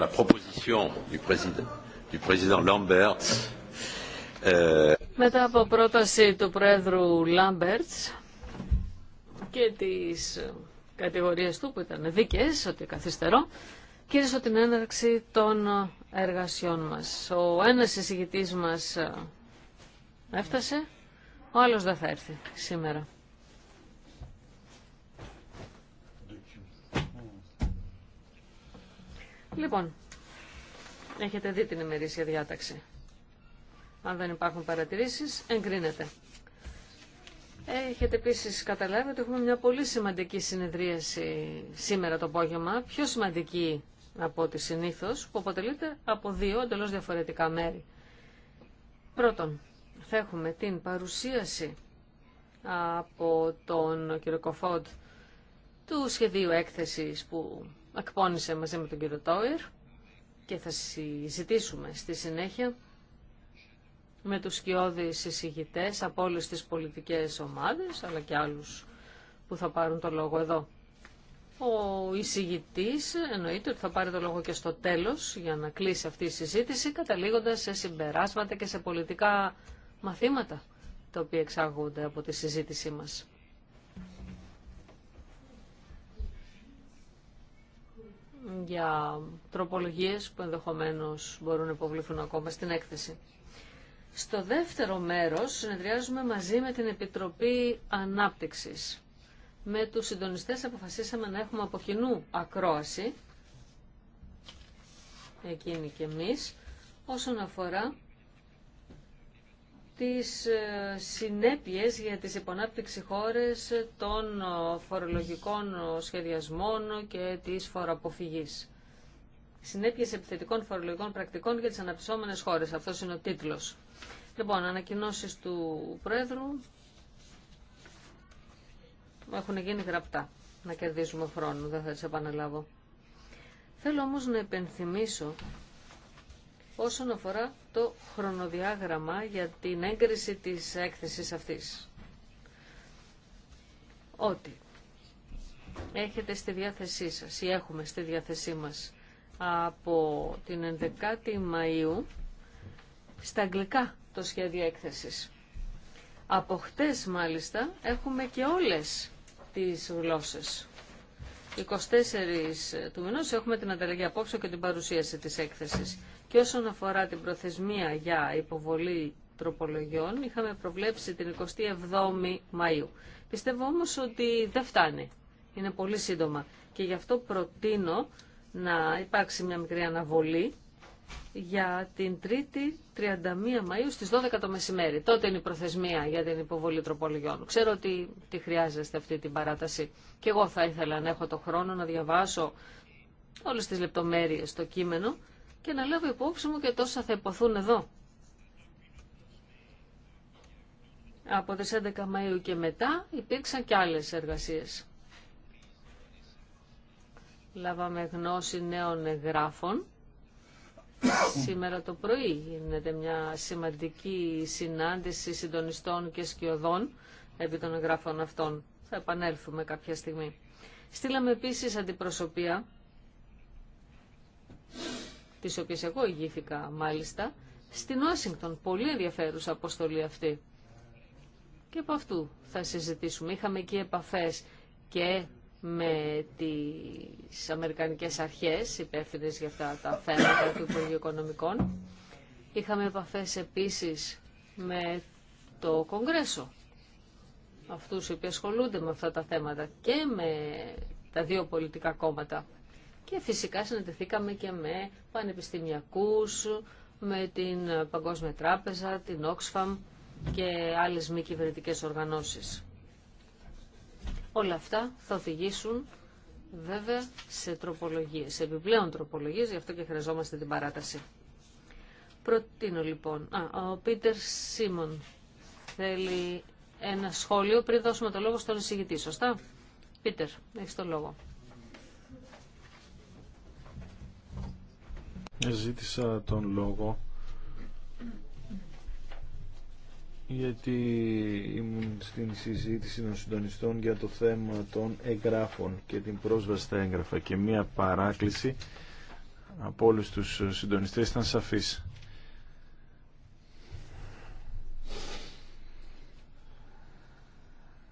la proposition du président, euh, Μετά από πρόταση του Πρόεδρου Λάμπερτς και τις κατηγορίες του που ήταν δίκαιες, ότι καθυστερώ, κήρυσε την έναρξη των εργασιών μας. Ο ένας εισηγητής μας έφτασε, ο άλλος δεν θα έρθει σήμερα. Λοιπόν, έχετε δει την ημερήσια διάταξη. Αν δεν υπάρχουν παρατηρήσεις, εγκρίνεται. Έχετε επίση καταλάβει ότι έχουμε μια πολύ σημαντική συνεδρίαση σήμερα το απόγευμα, πιο σημαντική από ό,τι συνήθω, που αποτελείται από δύο εντελώ διαφορετικά μέρη. Πρώτον, θα έχουμε την παρουσίαση από τον κ. Κοφόντ του σχεδίου έκθεσης που Ακπώνησε μαζί με τον κύριο Τόιρ και θα συζητήσουμε στη συνέχεια με τους σκιώδεις εισηγητές από όλε τις πολιτικές ομάδες, αλλά και άλλους που θα πάρουν το λόγο εδώ. Ο εισηγητής εννοείται ότι θα πάρει το λόγο και στο τέλος για να κλείσει αυτή η συζήτηση, καταλήγοντας σε συμπεράσματα και σε πολιτικά μαθήματα, τα οποία εξάγονται από τη συζήτησή μας. για τροπολογίες που ενδεχομένως μπορούν να υποβληθούν ακόμα στην έκθεση. Στο δεύτερο μέρος συνεδριάζουμε μαζί με την Επιτροπή Ανάπτυξης. Με τους συντονιστές αποφασίσαμε να έχουμε από κοινού ακρόαση, εκείνη και εμείς, όσον αφορά τις ε, συνέπειες για τις υπονάπτυξη χώρες των ε, φορολογικών σχεδιασμών και της φοροαποφυγής. Συνέπειες επιθετικών φορολογικών πρακτικών για τις αναπτυσσόμενες χώρες. Αυτός είναι ο τίτλος. Λοιπόν, ανακοινώσεις του Πρόεδρου έχουν γίνει γραπτά. Να κερδίζουμε χρόνο, δεν θα τις επαναλάβω. Θέλω όμως να επενθυμίσω όσον αφορά το χρονοδιάγραμμα για την έγκριση της έκθεσης αυτής. Ότι έχετε στη διάθεσή σας ή έχουμε στη διάθεσή μας από την 11η Μαΐου στα αγγλικά το σχέδιο έκθεσης. Από χτες μάλιστα έχουμε και όλες τις γλώσσες. 24 του μηνός έχουμε την ανταλλαγή απόψε και την παρουσίαση της έκθεσης. Και όσον αφορά την προθεσμία για υποβολή τροπολογιών, είχαμε προβλέψει την 27η Μαΐου. Πιστεύω όμως ότι δεν φτάνει. Είναι πολύ σύντομα. Και γι' αυτό προτείνω να υπάρξει μια μικρή αναβολή για την 3η 31 Μαΐου στις 12 το μεσημέρι. Τότε είναι η προθεσμία για την υποβολή τροπολογιών. Ξέρω ότι τη χρειάζεστε αυτή την παράταση. Και εγώ θα ήθελα να έχω το χρόνο να διαβάσω όλες τις λεπτομέρειες στο κείμενο και να λάβω υπόψη μου και τόσα θα υποθούν εδώ. Από τις 11 Μαΐου και μετά υπήρξαν και άλλες εργασίες. Λάβαμε γνώση νέων εγγράφων. Σήμερα το πρωί γίνεται μια σημαντική συνάντηση συντονιστών και σκιωδών επί των εγγράφων αυτών. Θα επανέλθουμε κάποια στιγμή. Στείλαμε επίσης αντιπροσωπεία τις οποίες εγώ ηγήθηκα μάλιστα, στην Ουάσιγκτον. Πολύ ενδιαφέρουσα αποστολή αυτή. Και από αυτού θα συζητήσουμε. Είχαμε εκεί επαφές και με τις Αμερικανικές αρχές υπεύθυνε για αυτά τα θέματα του Υπουργείου Οικονομικών. Είχαμε επαφές επίσης με το Κογκρέσο, αυτούς οι οποίοι ασχολούνται με αυτά τα θέματα και με τα δύο πολιτικά κόμματα και φυσικά συναντηθήκαμε και με πανεπιστημιακούς, με την Παγκόσμια Τράπεζα, την Oxfam και άλλες μη κυβερνητικέ οργανώσεις. Όλα αυτά θα οδηγήσουν βέβαια σε τροπολογίες, σε επιπλέον τροπολογίες, γι' αυτό και χρειαζόμαστε την παράταση. Προτείνω λοιπόν, α, ο Πίτερ Σίμον θέλει ένα σχόλιο πριν δώσουμε το λόγο στον εισηγητή, σωστά. Πίτερ, έχεις το λόγο. Ζήτησα τον λόγο γιατί ήμουν στην συζήτηση των συντονιστών για το θέμα των εγγράφων και την πρόσβαση στα έγγραφα και μία παράκληση από όλους τους συντονιστές ήταν σαφής.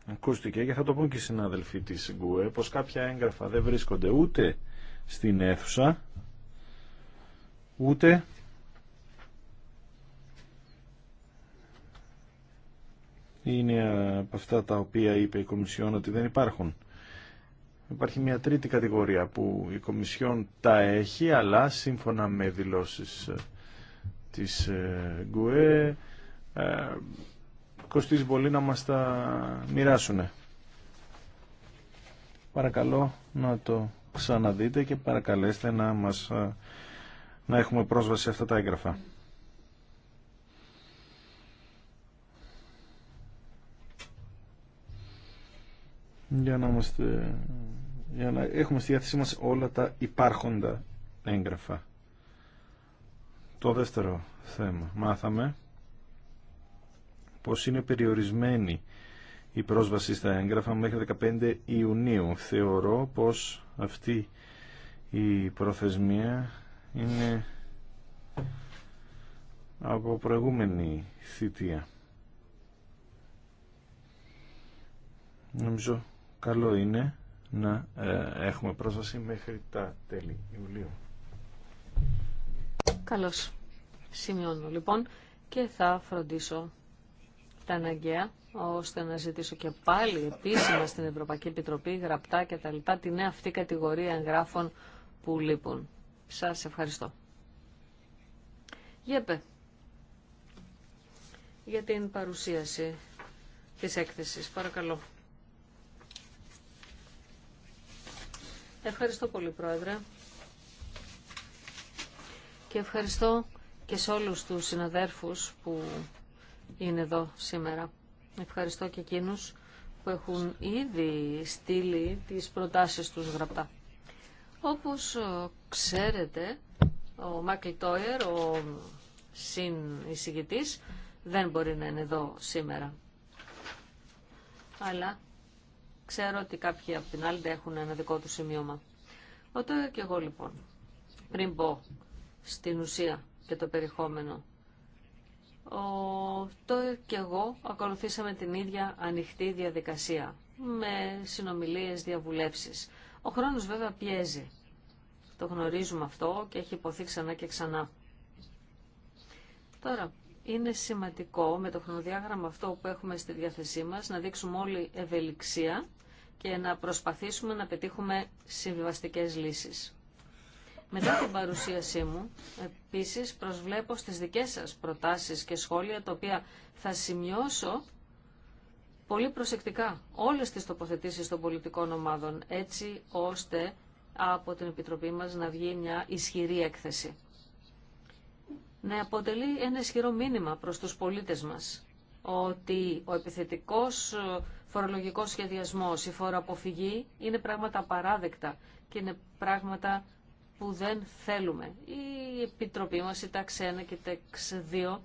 Ακούστηκε και θα το πούν και οι συνάδελφοι της ΓΚΟΕ πως κάποια έγγραφα δεν βρίσκονται ούτε στην αίθουσα ούτε είναι από αυτά τα οποία είπε η Κομισιόν ότι δεν υπάρχουν. Υπάρχει μια τρίτη κατηγορία που η Κομισιόν τα έχει, αλλά σύμφωνα με δηλώσεις ε, της ε, ΓΚΟΕ κοστίζει πολύ να μας τα μοιράσουν. Παρακαλώ να το ξαναδείτε και παρακαλέστε να μας ε, να έχουμε πρόσβαση σε αυτά τα έγγραφα. Για να, έχουμε στη διάθεσή μας όλα τα υπάρχοντα έγγραφα. Το δεύτερο θέμα. Μάθαμε πως είναι περιορισμένη η πρόσβαση στα έγγραφα μέχρι 15 Ιουνίου. Θεωρώ πως αυτή η προθεσμία είναι από προηγούμενη θητεία. Νομίζω καλό είναι να ε, έχουμε πρόσβαση μέχρι τα τέλη Ιουλίου. Καλώς. Σημειώνω λοιπόν και θα φροντίσω τα αναγκαία ώστε να ζητήσω και πάλι επίσημα στην Ευρωπαϊκή Επιτροπή γραπτά και τα λοιπά τη νέα αυτή κατηγορία εγγράφων που λείπουν. Σας ευχαριστώ. Γέπε, για την παρουσίαση της έκθεσης. Παρακαλώ. Ευχαριστώ πολύ, Πρόεδρε. Και ευχαριστώ και σε όλους τους συναδέρφους που είναι εδώ σήμερα. Ευχαριστώ και εκείνους που έχουν ήδη στείλει τις προτάσεις τους γραπτά. Όπως ε, ξέρετε, ο Μάκλ Τόιερ, ο συνεισηγητής, δεν μπορεί να είναι εδώ σήμερα. Αλλά ξέρω ότι κάποιοι από την άλλη έχουν ένα δικό του σημείωμα. Ο Τόιερ και εγώ λοιπόν, πριν πω στην ουσία και το περιεχόμενο, ο Τόιερ και εγώ ακολουθήσαμε την ίδια ανοιχτή διαδικασία με συνομιλίες, διαβουλεύσεις. Ο χρόνος βέβαια πιέζει. Το γνωρίζουμε αυτό και έχει υποθεί ξανά και ξανά. Τώρα, είναι σημαντικό με το χρονοδιάγραμμα αυτό που έχουμε στη διάθεσή μας να δείξουμε όλη ευελιξία και να προσπαθήσουμε να πετύχουμε συμβιβαστικές λύσεις. Μετά την παρουσίασή μου, επίσης προσβλέπω στις δικές σας προτάσεις και σχόλια, τα οποία θα σημειώσω πολύ προσεκτικά όλες τις τοποθετήσεις των πολιτικών ομάδων, έτσι ώστε από την Επιτροπή μας να βγει μια ισχυρή έκθεση. Να αποτελεί ένα ισχυρό μήνυμα προς τους πολίτες μας, ότι ο επιθετικός ε, φορολογικός σχεδιασμός, η φοροαποφυγή είναι πράγματα παράδεκτα και είναι πράγματα που δεν θέλουμε. Η Επιτροπή μας, η ΤΑΞ και η ΤΑΞ 2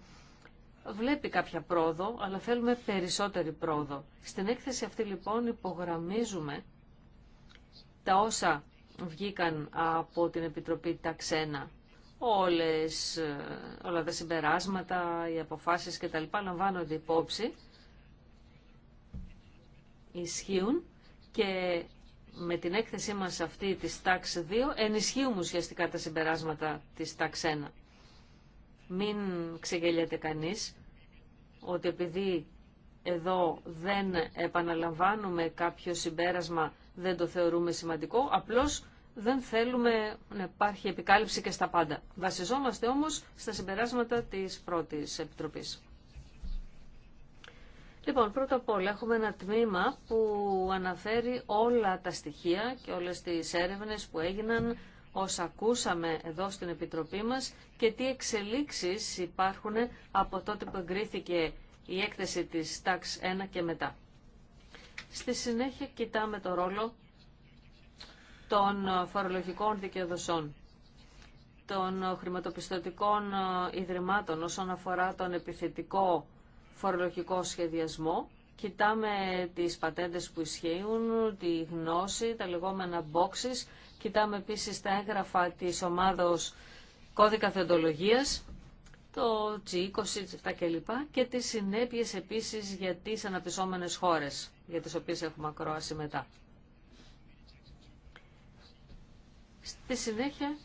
βλέπει κάποια πρόοδο, αλλά θέλουμε περισσότερη πρόοδο. Στην έκθεση αυτή λοιπόν υπογραμμίζουμε τα όσα βγήκαν από την Επιτροπή Ταξένα. Όλες, ε, όλα τα συμπεράσματα, οι αποφάσεις και τα λοιπά λαμβάνονται υπόψη, ισχύουν και με την έκθεσή μας αυτή της τάξη 2 ενισχύουμε ουσιαστικά τα συμπεράσματα της ΤΑΞΕΝΑ. Μην ξεγελιέται κανείς ότι επειδή εδώ δεν επαναλαμβάνουμε κάποιο συμπέρασμα, δεν το θεωρούμε σημαντικό, απλώς δεν θέλουμε να υπάρχει επικάλυψη και στα πάντα. Βασιζόμαστε όμως στα συμπεράσματα της πρώτης Επιτροπής. Λοιπόν, πρώτα απ' όλα έχουμε ένα τμήμα που αναφέρει όλα τα στοιχεία και όλες τις έρευνες που έγιναν όσα ακούσαμε εδώ στην Επιτροπή μας και τι εξελίξεις υπάρχουν από τότε που εγκρίθηκε η έκθεση της TAX 1 και μετά. Στη συνέχεια κοιτάμε το ρόλο των φορολογικών δικαιοδοσών, των χρηματοπιστωτικών ιδρυμάτων όσον αφορά τον επιθετικό φορολογικό σχεδιασμό Κοιτάμε τις πατέντες που ισχύουν, τη γνώση, τα λεγόμενα boxes. Κοιτάμε επίσης τα έγγραφα της ομάδος κώδικα θεοντολογίας, το G20, g κλπ. και τις συνέπειες επίσης για τις αναπτυσσόμενες χώρες, για τις οποίες έχουμε ακρόαση μετά. Στη συνέχεια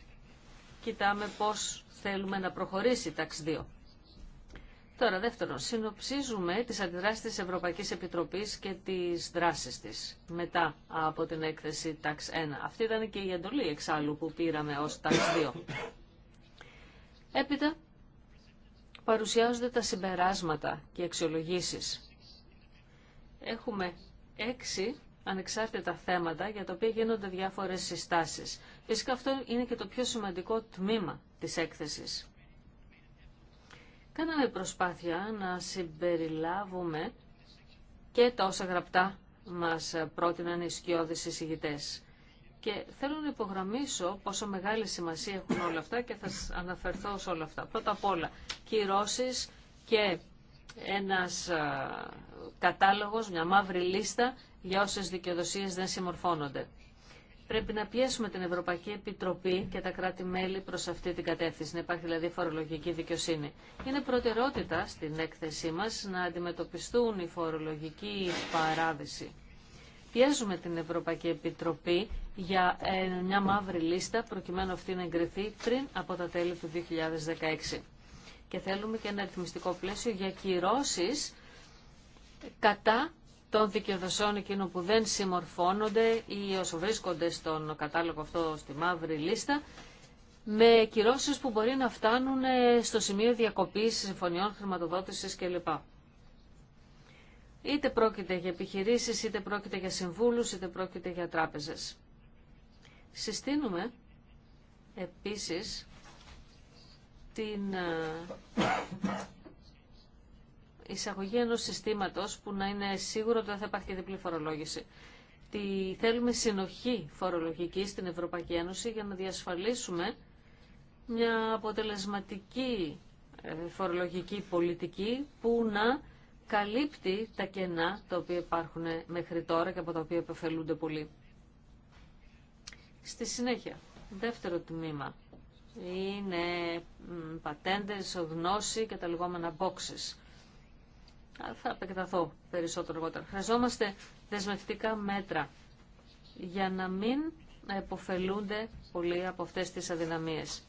κοιτάμε πώς θέλουμε να προχωρήσει η τάξη 2. Τώρα, δεύτερον, συνοψίζουμε τις αντιδράσεις της Ευρωπαϊκής Επιτροπής και τις δράσεις της μετά από την έκθεση TAX 1. Αυτή ήταν και η εντολή εξάλλου που πήραμε ως TAX 2. Έπειτα, παρουσιάζονται τα συμπεράσματα και αξιολογήσεις. Έχουμε έξι ανεξάρτητα θέματα για τα οποία γίνονται διάφορες συστάσεις. Φυσικά αυτό είναι και το πιο σημαντικό τμήμα της έκθεσης. Κάναμε προσπάθεια να συμπεριλάβουμε και τα όσα γραπτά μας πρότειναν οι σκιώδεις εισηγητές. Και θέλω να υπογραμμίσω πόσο μεγάλη σημασία έχουν όλα αυτά και θα αναφερθώ σε όλα αυτά. Πρώτα απ' όλα, κυρώσεις και ένας κατάλογος, μια μαύρη λίστα για όσες δικαιοδοσίες δεν συμμορφώνονται. Πρέπει να πιέσουμε την Ευρωπαϊκή Επιτροπή και τα κράτη-μέλη προ αυτή την κατεύθυνση, να υπάρχει δηλαδή φορολογική δικαιοσύνη. Είναι προτεραιότητα στην έκθεσή μα να αντιμετωπιστούν οι φορολογικοί παράδεισοι. Πιέζουμε την Ευρωπαϊκή Επιτροπή για ε, μια μαύρη λίστα προκειμένου αυτή να εγκριθεί πριν από τα τέλη του 2016. Και θέλουμε και ένα ρυθμιστικό πλαίσιο για κυρώσει κατά των δικαιοδοσών εκείνων που δεν συμμορφώνονται ή όσο βρίσκονται στον κατάλογο αυτό στη μαύρη λίστα με κυρώσεις που μπορεί να φτάνουν ε, στο σημείο διακοπής συμφωνιών χρηματοδότησης κλπ. Είτε πρόκειται για επιχειρήσεις, είτε πρόκειται για συμβούλους, είτε πρόκειται για τράπεζες. Συστήνουμε επίσης την ε, εισαγωγή ενός συστήματος που να είναι σίγουρο ότι δεν θα υπάρχει διπλή φορολόγηση. Τη θέλουμε συνοχή φορολογική στην Ευρωπαϊκή Ένωση για να διασφαλίσουμε μια αποτελεσματική ε, φορολογική πολιτική που να καλύπτει τα κενά τα οποία υπάρχουν μέχρι τώρα και από τα οποία επεφελούνται πολύ. Στη συνέχεια, δεύτερο τμήμα είναι πατέντες, γνώση και τα λεγόμενα boxes θα επεκταθώ περισσότερο αργότερα. Χρειαζόμαστε δεσμευτικά μέτρα για να μην εποφελούνται πολλοί από αυτές τις αδυναμίες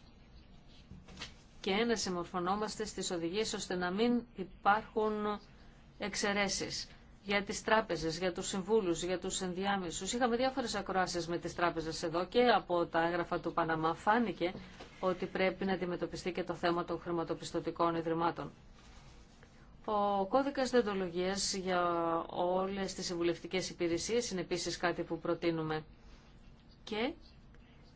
και να συμμορφωνόμαστε στις οδηγίες ώστε να μην υπάρχουν εξαιρέσεις για τις τράπεζες, για τους συμβούλους, για τους ενδιάμεσους. Είχαμε διάφορες ακροάσεις με τις τράπεζες εδώ και από τα έγγραφα του Παναμά φάνηκε ότι πρέπει να αντιμετωπιστεί και το θέμα των χρηματοπιστωτικών ιδρυμάτων. Ο κώδικας δεντολογίας για όλες τις συμβουλευτικέ υπηρεσίες είναι επίσης κάτι που προτείνουμε. Και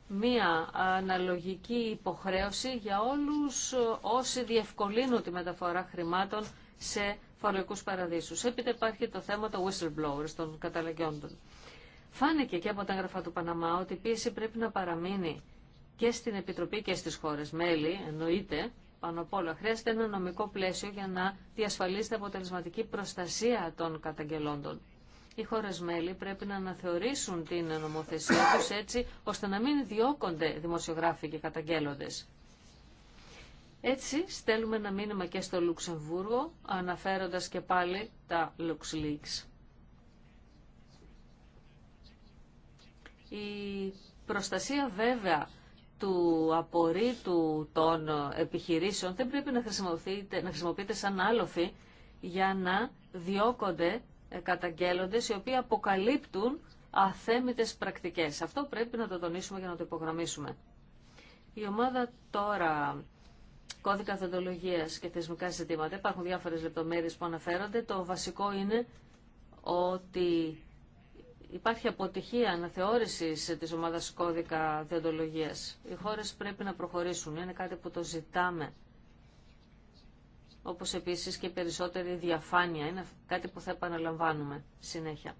μία αναλογική υποχρέωση για όλους όσοι διευκολύνουν τη μεταφορά χρημάτων σε φορολογικούς παραδείσους. Έπειτα υπάρχει το θέμα των whistleblowers, των καταλαγιόντων. Φάνηκε και από τα έγγραφα του Παναμά ότι η πίεση πρέπει να παραμείνει και στην Επιτροπή και στις χώρες μέλη, εννοείται, πάνω απ' όλα χρειάζεται ένα νομικό πλαίσιο για να διασφαλίσετε αποτελεσματική προστασία των καταγγελόντων. Οι χώρε μέλη πρέπει να αναθεωρήσουν την νομοθεσία του έτσι ώστε να μην διώκονται δημοσιογράφοι και καταγγέλλοντε. Έτσι, στέλνουμε ένα μήνυμα και στο Λουξεμβούργο, αναφέροντας και πάλι τα LuxLeaks. Η προστασία βέβαια του απορρίτου των επιχειρήσεων δεν πρέπει να χρησιμοποιείται, να χρησιμοποιείται σαν άλοφη για να διώκονται ε, καταγγέλλοντες οι οποίοι αποκαλύπτουν αθέμητες πρακτικές. Αυτό πρέπει να το τονίσουμε για να το υπογραμμίσουμε. Η ομάδα τώρα κώδικα θεντολογίας και θεσμικά ζητήματα. Υπάρχουν διάφορες λεπτομέρειες που αναφέρονται. Το βασικό είναι ότι υπάρχει αποτυχία αναθεώρηση τη ομάδα κώδικα διοντολογία. Οι χώρες πρέπει να προχωρήσουν. Είναι κάτι που το ζητάμε. Όπως επίσης και περισσότερη διαφάνεια. Είναι κάτι που θα επαναλαμβάνουμε συνέχεια.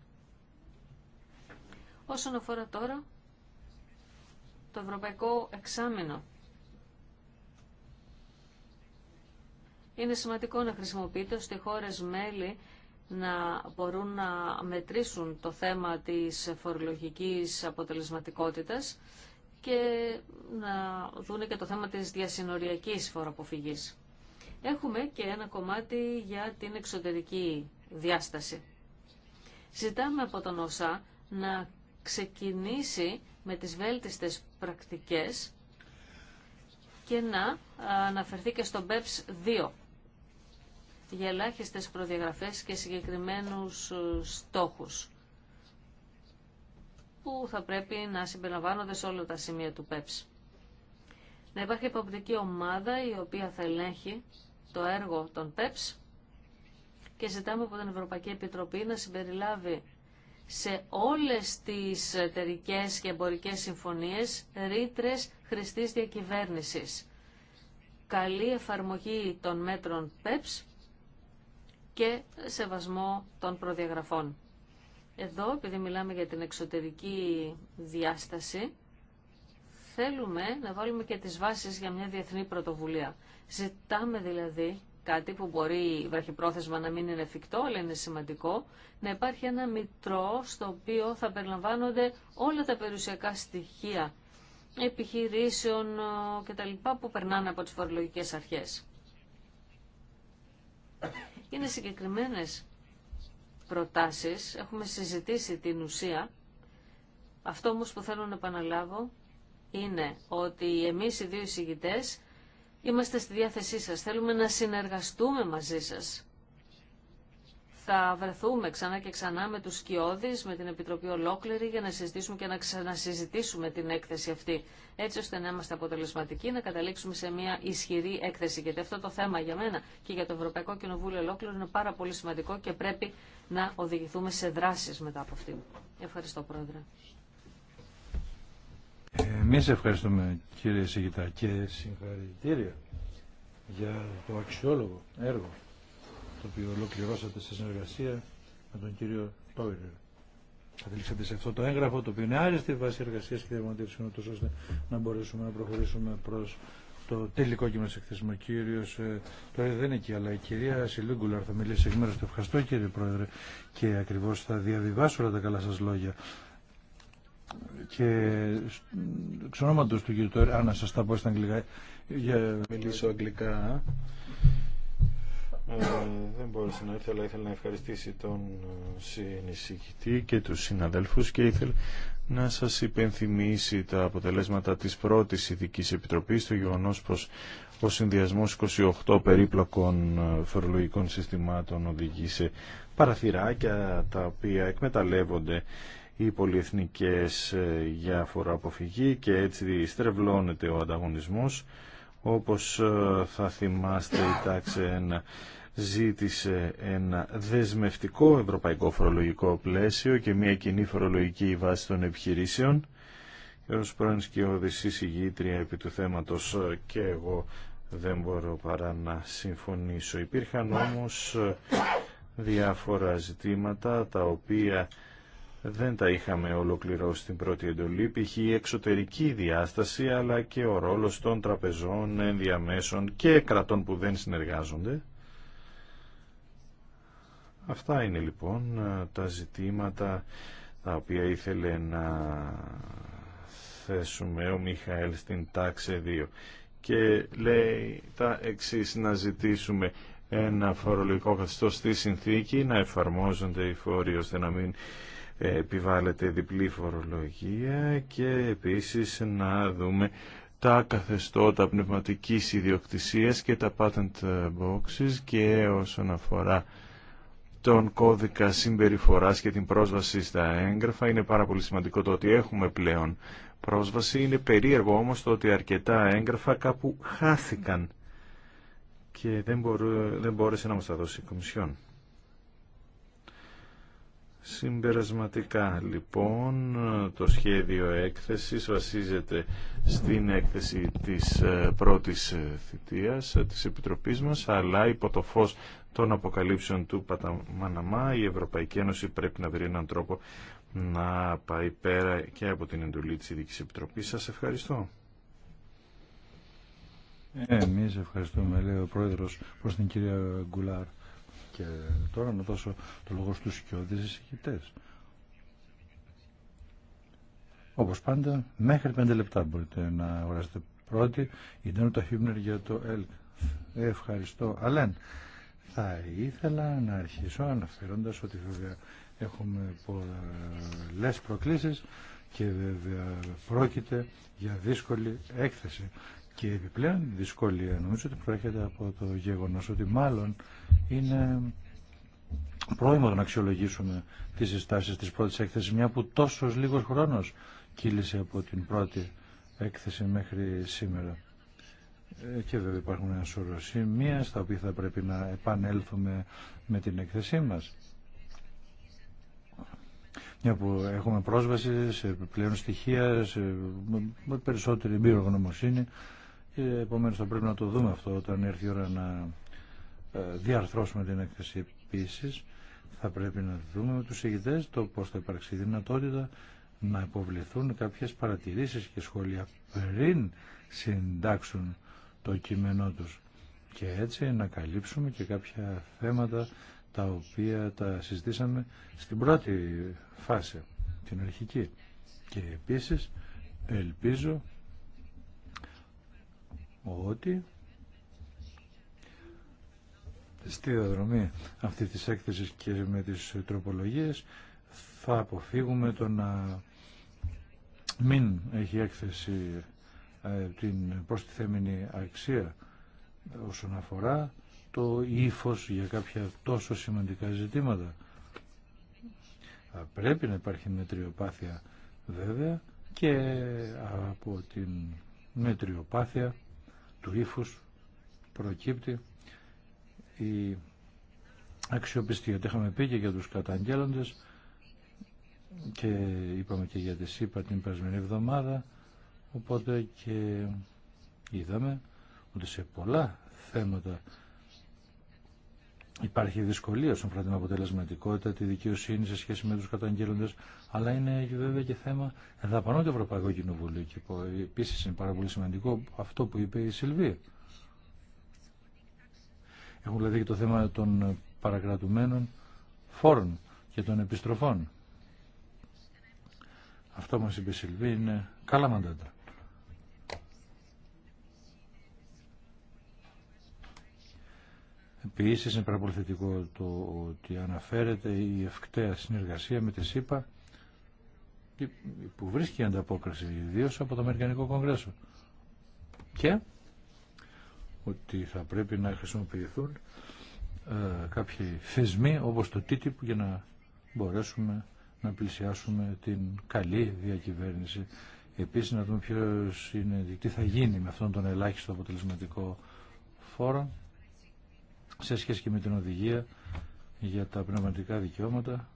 Όσον αφορά τώρα το ευρωπαϊκό εξάμεινο. Είναι σημαντικό να χρησιμοποιείται ώστε οι χώρες μέλη να μπορούν να μετρήσουν το θέμα της φορολογικής αποτελεσματικότητας και να δούνε και το θέμα της διασυνοριακής φοροαποφυγής. Έχουμε και ένα κομμάτι για την εξωτερική διάσταση. Ζητάμε από τον ΩΣΑ να ξεκινήσει με τις βέλτιστες πρακτικές και να αναφερθεί και στο BEPS 2 ε για ελάχιστες προδιαγραφές και συγκεκριμένους ε, στόχους που θα πρέπει να συμπεριλαμβάνονται σε όλα τα σημεία του ΠΕΠΣ. Να υπάρχει υποπτική ομάδα η οποία θα ελέγχει το έργο των ΠΕΠΣ και ζητάμε από την Ευρωπαϊκή Επιτροπή να συμπεριλάβει σε όλες τις εταιρικέ και εμπορικέ συμφωνίες ρήτρε χρηστής διακυβέρνησης. Καλή εφαρμογή των μέτρων ΠΕΠΣ και σεβασμό των προδιαγραφών. Εδώ, επειδή μιλάμε για την εξωτερική διάσταση, θέλουμε να βάλουμε και τις βάσεις για μια διεθνή πρωτοβουλία. Ζητάμε δηλαδή κάτι που μπορεί βραχυπρόθεσμα να μην είναι εφικτό, αλλά είναι σημαντικό, να υπάρχει ένα μητρό στο οποίο θα περιλαμβάνονται όλα τα περιουσιακά στοιχεία επιχειρήσεων ε, κτλ. που περνάνε από τις φορολογικές αρχές. Είναι συγκεκριμένες προτάσεις, έχουμε συζητήσει την ουσία. Αυτό όμως που θέλω να επαναλάβω είναι ότι εμείς οι δύο εισηγητές είμαστε στη διάθεσή σας. Θέλουμε να συνεργαστούμε μαζί σας θα βρεθούμε ξανά και ξανά με τους σκιώδεις, με την Επιτροπή ολόκληρη για να συζητήσουμε και να ξανασυζητήσουμε την έκθεση αυτή. Έτσι ώστε να είμαστε αποτελεσματικοί, να καταλήξουμε σε μια ισχυρή έκθεση. Γιατί αυτό το θέμα για μένα και για το Ευρωπαϊκό Κοινοβούλιο ολόκληρο είναι πάρα πολύ σημαντικό και πρέπει να οδηγηθούμε σε δράσεις μετά από αυτή. Ευχαριστώ Πρόεδρε. Εμείς ευχαριστούμε κύριε Σιγητά και συγχαρητήρια για το αξιόλογο έργο το οποίο ολοκληρώσατε σε συνεργασία με τον κύριο Τόιλερ. Καταλήξατε σε αυτό το έγγραφο, το οποίο είναι άριστη βάση εργασία και διαμαντεύσεων, ώστε να μπορέσουμε να προχωρήσουμε προ το τελικό κοινό εκθεσμό. Κύριο, ε, τώρα δεν είναι εκεί, αλλά η κυρία Σιλίγκουλαρ θα μιλήσει εκ μέρου του. Ευχαριστώ, κύριε Πρόεδρε, και ακριβώ θα διαβιβάσω όλα τα καλά σα λόγια. Και εξ του κύριου Τόιλερ, αν να σα τα πω στα αγγλικά. Για... Μιλήσω αγγλικά. Ε, δεν μπόρεσε να ήθελα, αλλά ήθελα να ευχαριστήσει τον ε, συνεισηγητή και τους συναδέλφους και ήθελα να σας υπενθυμίσει τα αποτελέσματα της πρώτης ειδική Επιτροπής το γεγονό πως ο συνδυασμός 28 περίπλοκων ε, φορολογικών συστημάτων οδηγεί σε παραθυράκια τα οποία εκμεταλλεύονται οι πολυεθνικές για φοροαποφυγή και έτσι στρεβλώνεται ο ανταγωνισμός όπως θα θυμάστε η τάξη 1 ζήτησε ένα δεσμευτικό ευρωπαϊκό φορολογικό πλαίσιο και μια κοινή φορολογική βάση των επιχειρήσεων. Και ως πρώην σκιώδης εισηγήτρια επί του θέματος ε, και εγώ δεν μπορώ παρά να συμφωνήσω. Υπήρχαν όμως ε, διάφορα ζητήματα τα οποία δεν τα είχαμε ολοκληρώσει στην πρώτη εντολή, π.χ. η εξωτερική διάσταση αλλά και ο ρόλος των τραπεζών, ενδιαμέσων και κρατών που δεν συνεργάζονται. Αυτά είναι λοιπόν ε, τα ζητήματα τα οποία ήθελε να θέσουμε ο Μιχαήλ στην τάξη 2 και λέει τα εξής να ζητήσουμε ένα φορολογικό καθιστό στη συνθήκη να εφαρμόζονται οι φόροι ώστε να μην ε, επιβάλλεται διπλή φορολογία και επίσης να δούμε τα καθεστώτα πνευματικής ιδιοκτησίας και τα patent boxes και όσον αφορά τον κώδικα συμπεριφοράς και την πρόσβαση στα έγγραφα. Είναι πάρα πολύ σημαντικό το ότι έχουμε πλέον πρόσβαση. Είναι περίεργο όμως το ότι αρκετά έγγραφα κάπου χάθηκαν και δεν, μπορού, δεν μπόρεσε να μας τα δώσει η Κομισιόν. Συμπερασματικά λοιπόν το σχέδιο έκθεσης βασίζεται στην έκθεση της ε, πρώτης ε, θητείας ε, της Επιτροπής μας αλλά υπό το φως των αποκαλύψεων του Παταμαναμά η Ευρωπαϊκή Ένωση πρέπει να βρει έναν τρόπο να πάει πέρα και από την εντολή της Ειδικής Επιτροπής. Σας ευχαριστώ. Ε, εμείς ευχαριστούμε λέει ο Πρόεδρος προς την κυρία Γκουλάρ. Και τώρα να δώσω το λόγο στους σκιώδεις εισηγητές. Όπως πάντα, μέχρι πέντε λεπτά μπορείτε να αγοράσετε πρώτη. Η τα Χίμνερ για το ΕΛΚ. Ευχαριστώ. Αλέν, θα ήθελα να αρχίσω αναφέροντας ότι βέβαια έχουμε πολλές προκλήσεις και βέβαια πρόκειται για δύσκολη έκθεση. Και επιπλέον δυσκολία νομίζω ότι προέρχεται από το γεγονός ότι μάλλον είναι πρόημο να αξιολογήσουμε τις συστάσεις της πρώτης έκθεσης, μια που τόσος λίγος χρόνος κύλησε από την πρώτη έκθεση μέχρι σήμερα. Ε, και βέβαια υπάρχουν ένα σωρό σημεία στα οποία θα πρέπει να επανέλθουμε με την έκθεσή μας. Μια που έχουμε πρόσβαση σε πλέον στοιχεία, σε περισσότερη εμπειρογνωμοσύνη, ε, επομένω θα πρέπει να το δούμε αυτό όταν έρθει η ώρα να ε, διαρθρώσουμε την έκθεση επίση. Θα πρέπει να δούμε με τους ηγητέ το πώ θα υπάρξει δυνατότητα να υποβληθούν κάποιες παρατηρήσεις και σχόλια πριν συντάξουν το κείμενό τους και έτσι να καλύψουμε και κάποια θέματα τα οποία τα συζητήσαμε στην πρώτη φάση, την αρχική. Και επίσης ελπίζω ότι στη διαδρομή αυτή της έκθεσης και με τις τροπολογίες θα αποφύγουμε το να μην έχει έκθεση ε, την προστιθέμενη αξία όσον αφορά το ύφος για κάποια τόσο σημαντικά ζητήματα. πρέπει να υπάρχει μετριοπάθεια βέβαια και από την μετριοπάθεια του ύφου προκύπτει η αξιοπιστία. Το είχαμε πει και για τους καταγγέλλοντες και είπαμε και για τη ΣΥΠΑ την περασμένη εβδομάδα οπότε και είδαμε ότι σε πολλά θέματα Υπάρχει δυσκολία στον αφορά την αποτελεσματικότητα, τη δικαιοσύνη σε σχέση με του καταγγέλλοντε, αλλά είναι βέβαια και θέμα δαπανών του Ευρωπαϊκού Κοινοβουλίου. Και επίση είναι πάρα πολύ σημαντικό αυτό που είπε η Σιλβία. Έχουν δηλαδή και το θέμα των παρακρατουμένων φόρων και των επιστροφών. Αυτό μας είπε η Σιλβία είναι καλά μαντάτα. Επίση είναι πάρα το ότι αναφέρεται η ευκταία συνεργασία με τη ΣΥΠΑ που βρίσκει ανταπόκριση ιδίως από το Αμερικανικό Κογκρέσο και ότι θα πρέπει να χρησιμοποιηθούν ε, κάποιοι θεσμοί όπως το TTIP για να μπορέσουμε να πλησιάσουμε την καλή διακυβέρνηση. Επίσης να δούμε ποιος είναι, τι θα γίνει με αυτόν τον ελάχιστο αποτελεσματικό φόρο σε σχέση και με την οδηγία για τα πνευματικά δικαιώματα.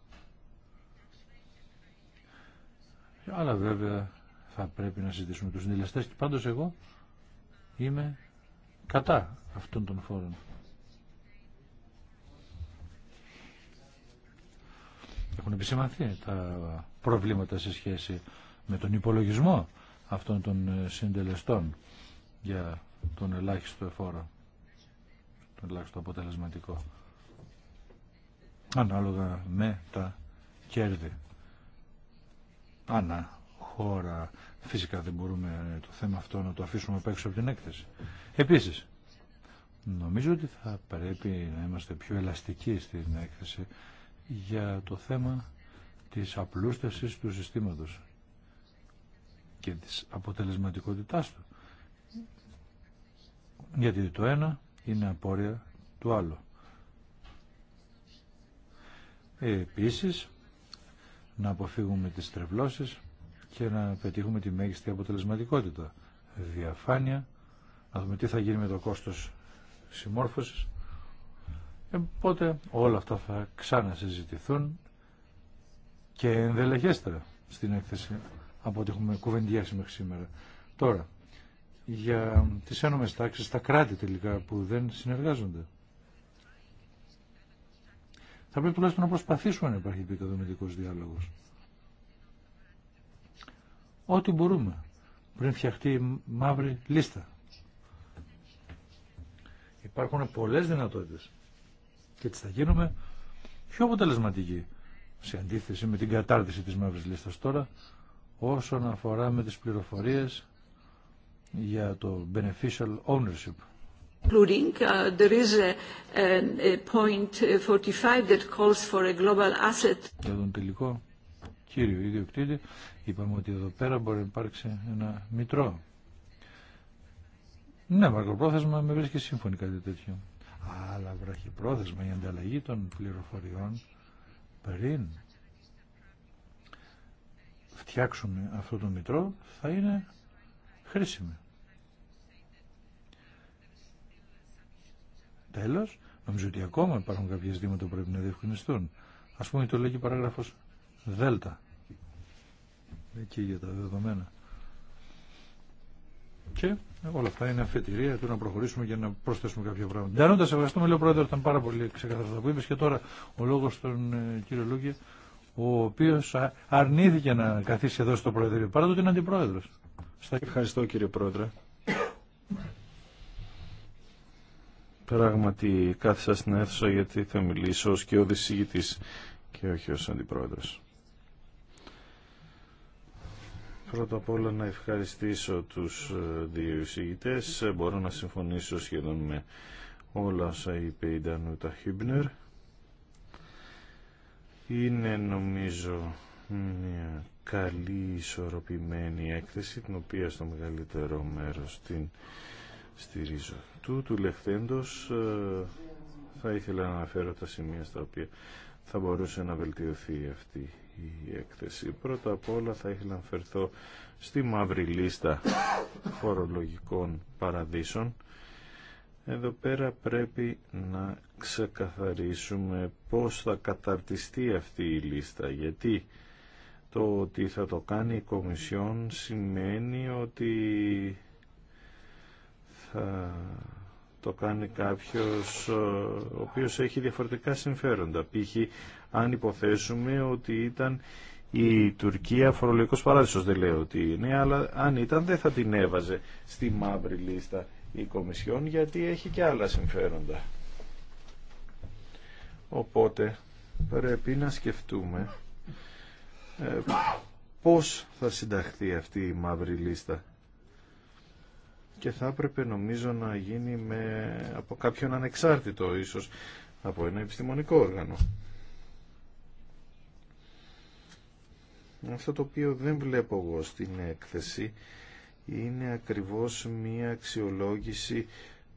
Αλλά βέβαια θα πρέπει να συζητήσουμε τους συντελεστές και πάντως εγώ είμαι κατά αυτών των φόρων. Έχουν επισημανθεί τα προβλήματα σε σχέση με τον υπολογισμό αυτών των συντελεστών για τον ελάχιστο εφόρο τουλάχιστον αποτελεσματικό ανάλογα με τα κέρδη ανά χώρα φυσικά δεν μπορούμε το θέμα αυτό να το αφήσουμε απ' έξω από την έκθεση επίσης νομίζω ότι θα πρέπει να είμαστε πιο ελαστικοί στην έκθεση για το θέμα της απλούστασης του συστήματος και της αποτελεσματικότητάς του γιατί το ένα είναι απόρρια του άλλου. Επίσης, να αποφύγουμε τις τρευλώσεις και να πετύχουμε τη μέγιστη αποτελεσματικότητα. Διαφάνεια, να δούμε τι θα γίνει με το κόστος συμμόρφωσης. Οπότε όλα αυτά θα ξανασυζητηθούν και ενδελεχέστερα στην έκθεση από ό,τι έχουμε κουβεντιάσει μέχρι σήμερα. Τώρα, για τις ένομες τάξεις, τα κράτη τελικά που δεν συνεργάζονται. Θα πρέπει τουλάχιστον να προσπαθήσουμε να υπάρχει επικοδομητικός διάλογος. Ό,τι μπορούμε πριν φτιαχτεί η μαύρη λίστα. Υπάρχουν πολλές δυνατότητες και έτσι θα γίνουμε πιο αποτελεσματικοί σε αντίθεση με την κατάρτιση της μαύρης λίστας τώρα όσον αφορά με τις πληροφορίες για το beneficial ownership. Including, uh, there is a, point 45 uh, that calls for a global asset. Για τον τελικό κύριο ιδιοκτήτη είπαμε ότι εδώ πέρα μπορεί να υπάρξει ένα μητρό. Ναι, μακροπρόθεσμα με βρίσκει σύμφωνη κάτι τέτοιο. Αλλά βραχυπρόθεσμα η ανταλλαγή των πληροφοριών πριν φτιάξουμε αυτό το μητρό θα είναι χρήσιμη. Τέλο, νομίζω ότι ακόμα υπάρχουν κάποιε ζητήματα που πρέπει να διευκρινιστούν. Α πούμε το λέγει παράγραφος Δέλτα. Εκεί για τα δεδομένα. Και όλα αυτά είναι αφετηρία του να προχωρήσουμε και να προσθέσουμε κάποια πράγματα. Ντανούντα, σε ευχαριστούμε, λέω πρόεδρε, ήταν πάρα πολύ ξεκαθαρό που είπε και τώρα ο λόγο στον ε, κύριο Λούγκε, ο οποίο αρνήθηκε να καθίσει εδώ στο Προεδρείο, παρά το ότι είναι αντιπρόεδρο. Ευχαριστώ κύριε Πρόεδρε. Πράγματι κάθισα στην αίθουσα γιατί θα μιλήσω ως και ο και όχι ως αντιπρόεδρος. Πρώτα απ' όλα να ευχαριστήσω τους ε, δύο εισηγητές. Ε, μπορώ να συμφωνήσω σχεδόν με όλα όσα είπε η Ντανούτα Χίμπνερ. Είναι νομίζω μια καλή ισορροπημένη έκθεση την οποία στο μεγαλύτερο μέρος την στηρίζω. Του του ε, θα ήθελα να αναφέρω τα σημεία στα οποία θα μπορούσε να βελτιωθεί αυτή η έκθεση. Πρώτα απ' όλα θα ήθελα να φερθώ στη μαύρη λίστα φορολογικών παραδείσων. Εδώ πέρα πρέπει να ξεκαθαρίσουμε πώς θα καταρτιστεί αυτή η λίστα, γιατί το ότι θα το κάνει η Κομισιόν σημαίνει ότι θα το κάνει κάποιος ο οποίος έχει διαφορετικά συμφέροντα. Π.χ. αν υποθέσουμε ότι ήταν η Τουρκία φορολογικός παράδεισος, δεν λέω ότι είναι, αλλά αν ήταν δεν θα την έβαζε στη μαύρη λίστα η Κομισιόν γιατί έχει και άλλα συμφέροντα. Οπότε πρέπει να σκεφτούμε ε, πώς θα συνταχθεί αυτή η μαύρη λίστα και θα έπρεπε νομίζω να γίνει με, από κάποιον ανεξάρτητο ίσως από ένα επιστημονικό όργανο. Αυτό το οποίο δεν βλέπω εγώ στην έκθεση είναι ακριβώς μία αξιολόγηση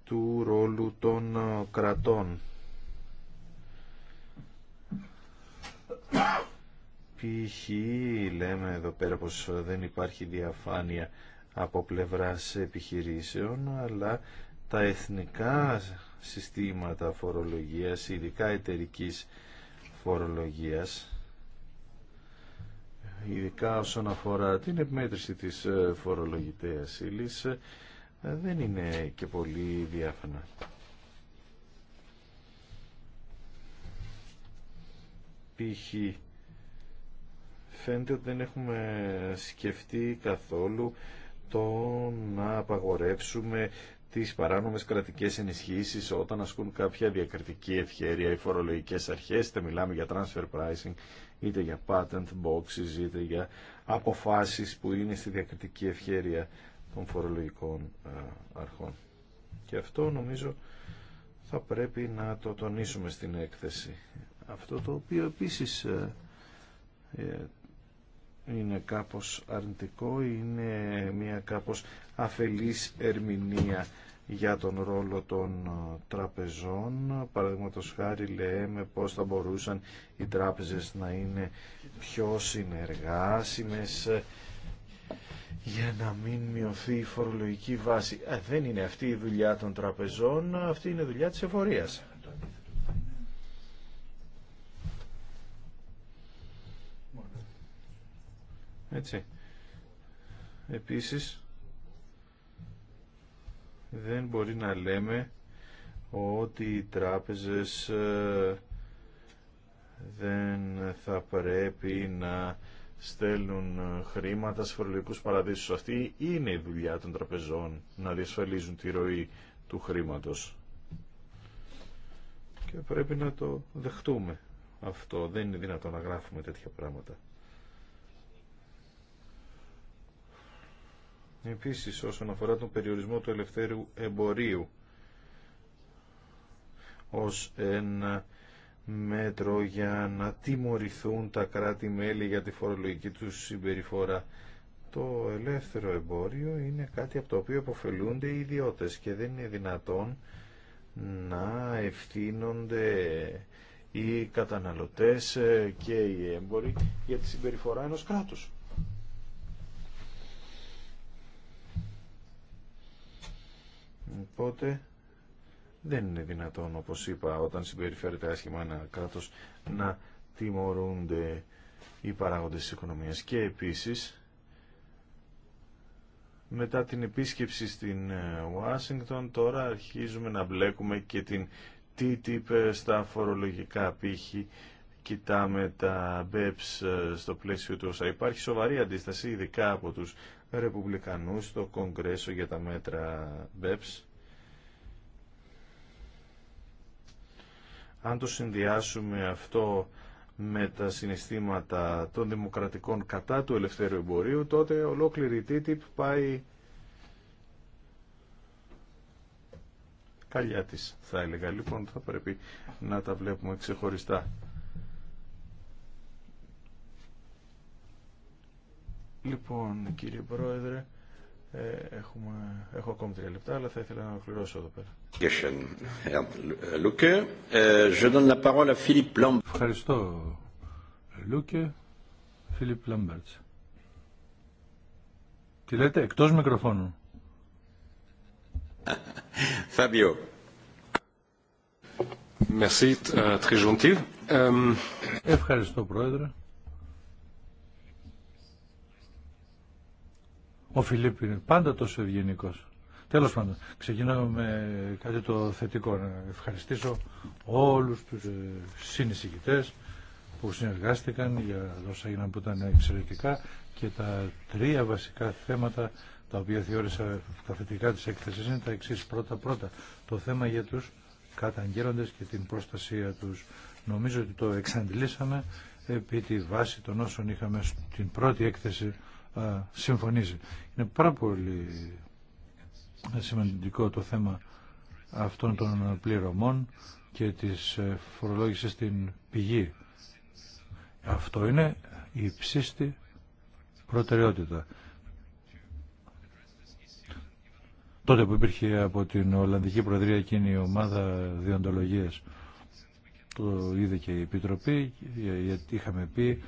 του ρόλου των κρατών. Π.χ. λέμε εδώ πέρα πως δεν υπάρχει διαφάνεια από πλευράς επιχειρήσεων, αλλά τα εθνικά συστήματα φορολογίας, ειδικά εταιρική φορολογίας, ειδικά όσον αφορά την επιμέτρηση της ε, φορολογητέας ύλης, ε, δεν είναι και πολύ διάφανα. Π.χ. φαίνεται ότι δεν έχουμε σκεφτεί καθόλου το να απαγορεύσουμε τις παράνομες κρατικές ενισχύσεις όταν ασκούν κάποια διακριτική ευχέρεια οι φορολογικές αρχές, είτε μιλάμε για transfer pricing, είτε για patent boxes, είτε για αποφάσεις που είναι στη διακριτική ευχέρεια των φορολογικών αρχών. Και αυτό νομίζω θα πρέπει να το τονίσουμε στην έκθεση. Αυτό το οποίο επίσης ε, ε, είναι κάπως αρνητικό, είναι μια κάπως αφελής ερμηνεία για τον ρόλο των ε, τραπεζών. Παραδείγματο χάρη λέμε πώς θα μπορούσαν οι τράπεζες να είναι πιο συνεργάσιμες ε, για να μην μειωθεί η φορολογική βάση. Ε, δεν είναι αυτή η δουλειά των τραπεζών, αυτή είναι η δουλειά της εφορίας. Έτσι. Επίσης, δεν μπορεί να λέμε ότι οι τράπεζες ε, δεν θα πρέπει να στέλνουν χρήματα σε φορολογικούς παραδείσους. Αυτή είναι η δουλειά των τραπεζών, να διασφαλίζουν τη ροή του χρήματος. Και πρέπει να το δεχτούμε αυτό. Δεν είναι δυνατό να γράφουμε τέτοια πράγματα. Επίσης, όσον αφορά τον περιορισμό του ελευθέρου εμπορίου ως ένα μέτρο για να τιμωρηθούν τα κράτη-μέλη για τη φορολογική τους συμπεριφορά. Το ελεύθερο εμπόριο είναι κάτι από το οποίο αποφελούνται οι ιδιώτες και δεν είναι δυνατόν να ευθύνονται οι καταναλωτές και οι έμποροι για τη συμπεριφορά ενός κράτους. Οπότε δεν είναι δυνατόν, όπως είπα, όταν συμπεριφέρεται άσχημα ένα κράτος να τιμωρούνται οι παράγοντες της οικονομίας. Και επίσης, μετά την επίσκεψη στην ε, Ουάσιγκτον, τώρα αρχίζουμε να μπλέκουμε και την TTIP ε, στα φορολογικά πύχη. Κοιτάμε τα BEPS ε στο πλαίσιο του όσα υπάρχει σοβαρή αντίσταση, ειδικά από τους Ρεπουμπλικανούς στο Κογκρέσο για τα μέτρα BEPS. Αν το συνδυάσουμε αυτό με τα συναισθήματα των δημοκρατικών κατά του ελευθέρου εμπορίου, τότε ολόκληρη η TTIP πάει καλιά της, θα έλεγα. Λοιπόν, θα πρέπει να τα βλέπουμε ξεχωριστά. Λοιπόν, κύριε Πρόεδρε, ε, έχω ακόμη τρία λεπτά, αλλά θα ήθελα να ολοκληρώσω εδώ πέρα. Ευχαριστώ, Λούκε. Φίλιπ Λάμπερτς. Τι λέτε, εκτός μικροφώνου. Euh, Ευχαριστώ, Πρόεδρε. Ο Φιλίππ είναι πάντα τόσο ευγενικό. τέλο πάντων, ξεκινάω με κάτι το θετικό. Να ευχαριστήσω όλους τους ε, συνεισηγητέ που συνεργάστηκαν για όσα έγιναν που ήταν εξαιρετικά και τα τρία βασικά θέματα τα οποία θεώρησα τα θετικά της έκθεσης είναι τα εξή πρωτα Πρώτα-πρώτα, το θέμα για τους καταγγέλλοντες και την προστασία τους. Νομίζω ότι το εξαντλήσαμε επί τη βάση των όσων είχαμε στην πρώτη έκθεση συμφωνήσει. Είναι πάρα πολύ σημαντικό το θέμα αυτών των πληρωμών και της ε, φορολόγησης στην πηγή. Αυτό είναι η ψήστη προτεραιότητα. Τότε που υπήρχε από την Ολλανδική Προεδρία εκείνη η ομάδα διοντολογίας, το είδε και η Επιτροπή, γιατί είχαμε πει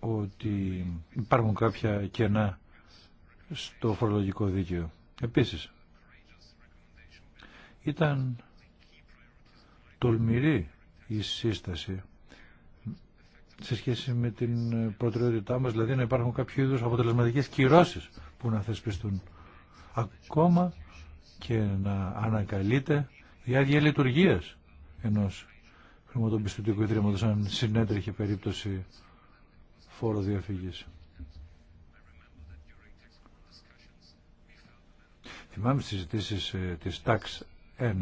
ότι υπάρχουν κάποια κενά στο φορολογικό δίκαιο. Επίσης, ήταν τολμηρή η σύσταση σε σχέση με την προτεραιότητά μας, δηλαδή να υπάρχουν κάποιο είδους αποτελεσματικές κυρώσεις που να θεσπιστούν. Ακόμα και να ανακαλείται η άδεια λειτουργίας ενός χρηματοπιστωτικού ιδρύματος, αν συνέτρεχε περίπτωση φόρο διαφυγής. Θυμάμαι στις συζητήσεις ε, της ΤΑΞ 1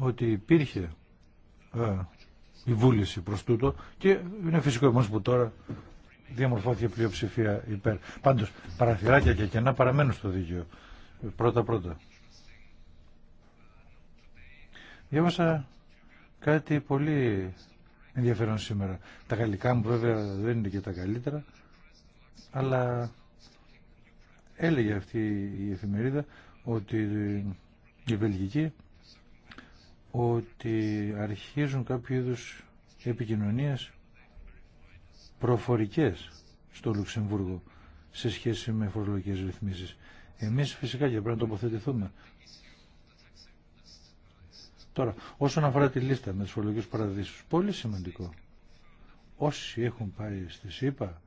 ότι υπήρχε ε, η βούληση προς τούτο και είναι φυσικό εμάς που τώρα διαμορφώθηκε πλειοψηφία υπέρ. Πάντως παραθυράκια και κενά παραμένουν στο δίκαιο. Πρώτα-πρώτα. Διάβασα κάτι πολύ ενδιαφέρον σήμερα. Τα γαλλικά μου βέβαια δεν είναι και τα καλύτερα, αλλά έλεγε αυτή η εφημερίδα ότι η Βελγική ότι αρχίζουν κάποιο είδου επικοινωνίες προφορικές στο Λουξεμβούργο σε σχέση με φορολογικές ρυθμίσει. Εμείς φυσικά και πρέπει να τοποθετηθούμε Τώρα, όσον αφορά τη λίστα με τις φορολογικούς παραδείσους, πολύ σημαντικό. Όσοι έχουν πάει στη ΣΥΠΑ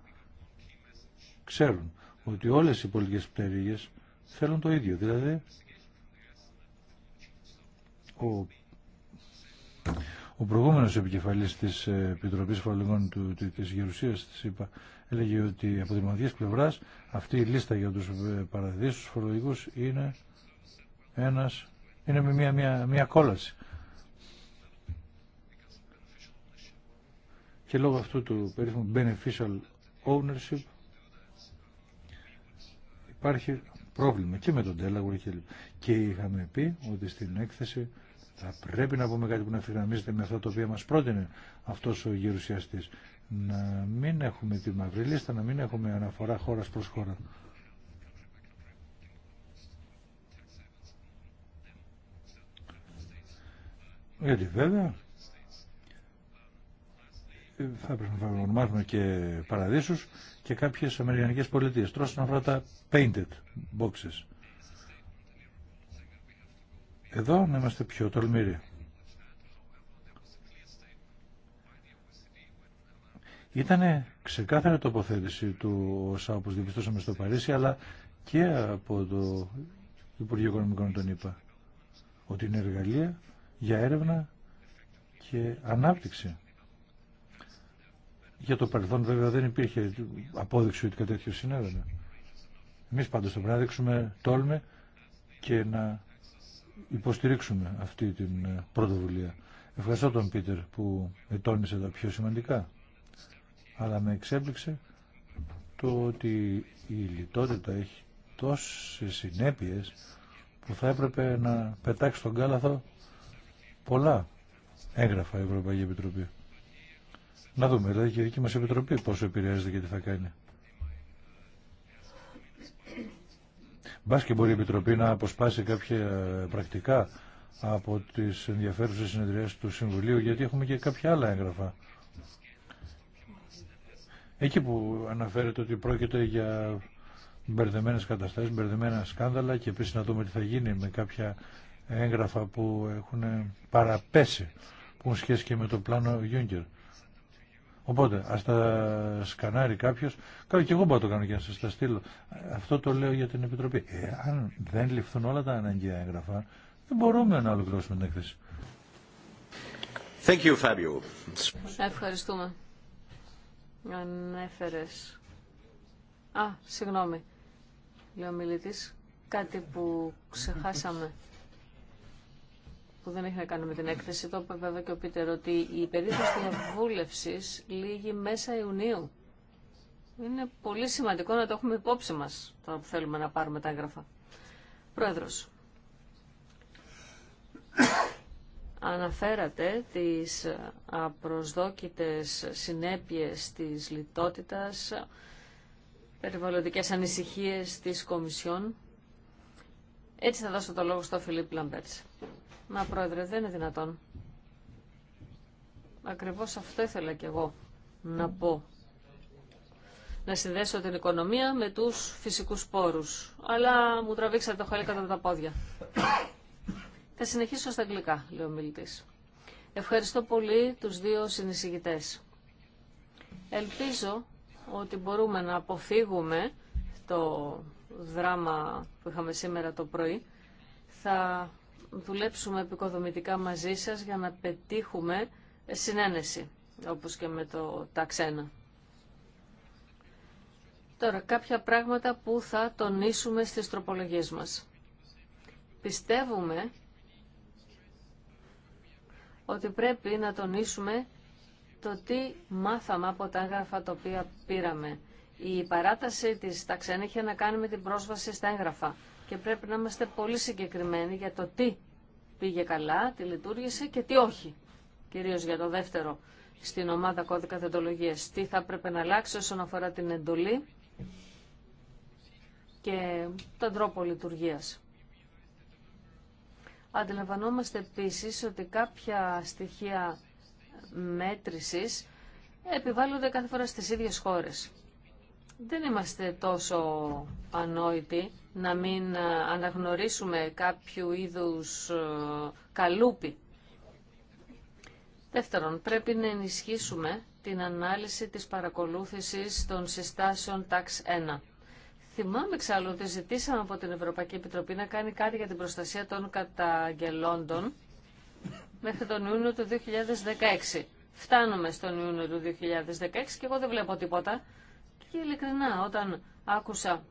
ξέρουν ότι όλες οι πολιτικές πτέρυγες θέλουν το ίδιο. Δηλαδή, ο, ο προηγούμενος επικεφαλής της Επιτροπής Φορολογών του, της Γερουσίας της ΣΥΠΑ έλεγε ότι από δημοτικής πλευράς αυτή η λίστα για τους παραδείσους φορολογικούς είναι ένας είναι μια, μια, μια κόλαση. Και λόγω αυτού του περίφημου beneficial ownership υπάρχει πρόβλημα και με τον Τέλαγο και, και είχαμε πει ότι στην έκθεση θα πρέπει να πούμε κάτι που να φυγραμμίζεται με αυτό το οποίο μας πρότεινε αυτός ο γερουσιαστής. Να μην έχουμε τη μαύρη λίστα, να μην έχουμε αναφορά χώρας προς χώρα. Γιατί βέβαια θα πρέπει να ονομάσουμε και παραδείσους και κάποιες αμερικανικές πολιτείες. Τώρα αυτά τα painted boxes. Εδώ να είμαστε πιο τολμήροι. Ήταν ξεκάθαρη τοποθέτηση του ΩΣΑ όπως διαπιστώσαμε στο Παρίσι αλλά και από το Υπουργείο Οικονομικών τον είπα ότι είναι εργαλεία για έρευνα και ανάπτυξη. Για το παρελθόν βέβαια δεν υπήρχε απόδειξη ότι κάτι τέτοιο συνέβαινε. Εμείς πάντως θα πρέπει να δείξουμε τόλμη και να υποστηρίξουμε αυτή την ε, πρωτοβουλία. Ευχαριστώ τον Πίτερ που ετώνησε τα πιο σημαντικά. Αλλά με εξέπληξε το ότι η λιτότητα έχει τόσες συνέπειες που θα έπρεπε να πετάξει τον κάλαθο πολλά έγγραφα η Ευρωπαϊκή Επιτροπή. Να δούμε, δηλαδή και η δική μας Επιτροπή πόσο επηρεάζεται και τι θα κάνει. Μπάς και μπορεί η Επιτροπή να αποσπάσει κάποια πρακτικά από τις ενδιαφέρουσες συνεδριές του Συμβουλίου, γιατί έχουμε και κάποια άλλα έγγραφα. Εκεί που αναφέρεται ότι πρόκειται για μπερδεμένε καταστάσει, μπερδεμένα σκάνδαλα και επίση να δούμε τι θα γίνει με κάποια έγγραφα που έχουν παραπέσει, που έχουν σχέση και με το πλάνο Γιούγκερ. Οπότε, ας τα σκανάρει κάποιος, και εγώ μπορώ να το κάνω και να σας τα στείλω. Αυτό το λέω για την Επιτροπή. Ε, αν δεν ληφθούν όλα τα αναγκαία έγγραφα, δεν μπορούμε να ολοκληρώσουμε την έκθεση. Ευχαριστούμε. Ανέφερες. Α, συγγνώμη, Λέω μιλητής, κάτι που ξεχάσαμε που δεν έχει να κάνει με την έκθεση. Το είπε βέβαια και ο Πίτερ ότι η περίοδος διαβούλευσης λύγει μέσα Ιουνίου. Είναι πολύ σημαντικό να το έχουμε υπόψη μας τώρα που θέλουμε να πάρουμε τα έγγραφα. Πρόεδρος, αναφέρατε τις απροσδόκητες συνέπειες της λιτότητας, περιβαλλοντικές ανησυχίες της Κομισιόν έτσι θα δώσω το λόγο στο Φιλίπ Μα πρόεδρε, δεν είναι δυνατόν. Ακριβώς αυτό ήθελα κι εγώ να πω. Να συνδέσω την οικονομία με τους φυσικούς πόρους. Αλλά μου τραβήξατε το χαλί κατά τα πόδια. θα συνεχίσω στα αγγλικά, λέει ο μιλητής. Ευχαριστώ πολύ τους δύο συνεισηγητές. Ελπίζω ότι μπορούμε να αποφύγουμε το δράμα που είχαμε σήμερα το πρωί. Θα δουλέψουμε επικοδομητικά μαζί σας για να πετύχουμε συνένεση, όπως και με το ταξένα. Τώρα, κάποια πράγματα που θα τονίσουμε στις τροπολογίες μας. Πιστεύουμε ότι πρέπει να τονίσουμε το τι μάθαμε από τα έγγραφα τα οποία πήραμε η παράταση της ταξέν είχε να κάνει με την πρόσβαση στα έγγραφα και πρέπει να είμαστε πολύ συγκεκριμένοι για το τι πήγε καλά, τι λειτουργήσε και τι όχι. κυρίω για το δεύτερο στην ομάδα κώδικα θεντολογίας. Τι θα πρέπει να αλλάξει όσον αφορά την εντολή και τον τρόπο λειτουργία. Αντιλαμβανόμαστε επίσης ότι κάποια στοιχεία μέτρησης επιβάλλονται κάθε φορά στις ίδιες χώρες δεν είμαστε τόσο ανόητοι να μην ε, αναγνωρίσουμε κάποιου είδους ε, καλούπι. Δεύτερον, πρέπει να ενισχύσουμε την ανάλυση της παρακολούθησης των συστάσεων Tax 1. Θυμάμαι εξάλλου ότι ζητήσαμε από την Ευρωπαϊκή Επιτροπή να κάνει κάτι για την προστασία των καταγγελόντων μέχρι τον Ιούνιο του 2016. Φτάνουμε στον Ιούνιο του 2016 και εγώ δεν βλέπω τίποτα και ειλικρινά όταν άκουσα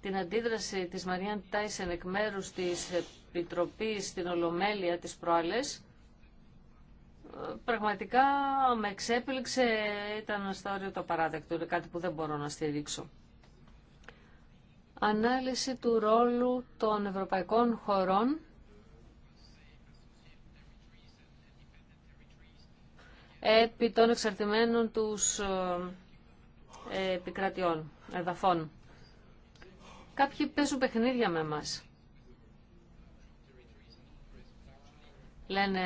την αντίδραση της Μαριάν Τάισεν εκ μέρου της Επιτροπής στην Ολομέλεια της Προάλλες, πραγματικά με εξέπληξε, ήταν στο το παράδεκτο, είναι κάτι που δεν μπορώ να στηρίξω. Ανάλυση του ρόλου των ευρωπαϊκών χωρών επί των εξαρτημένων τους ε, επικρατιών, εδαφών. Κάποιοι παίζουν παιχνίδια με μας. Λένε,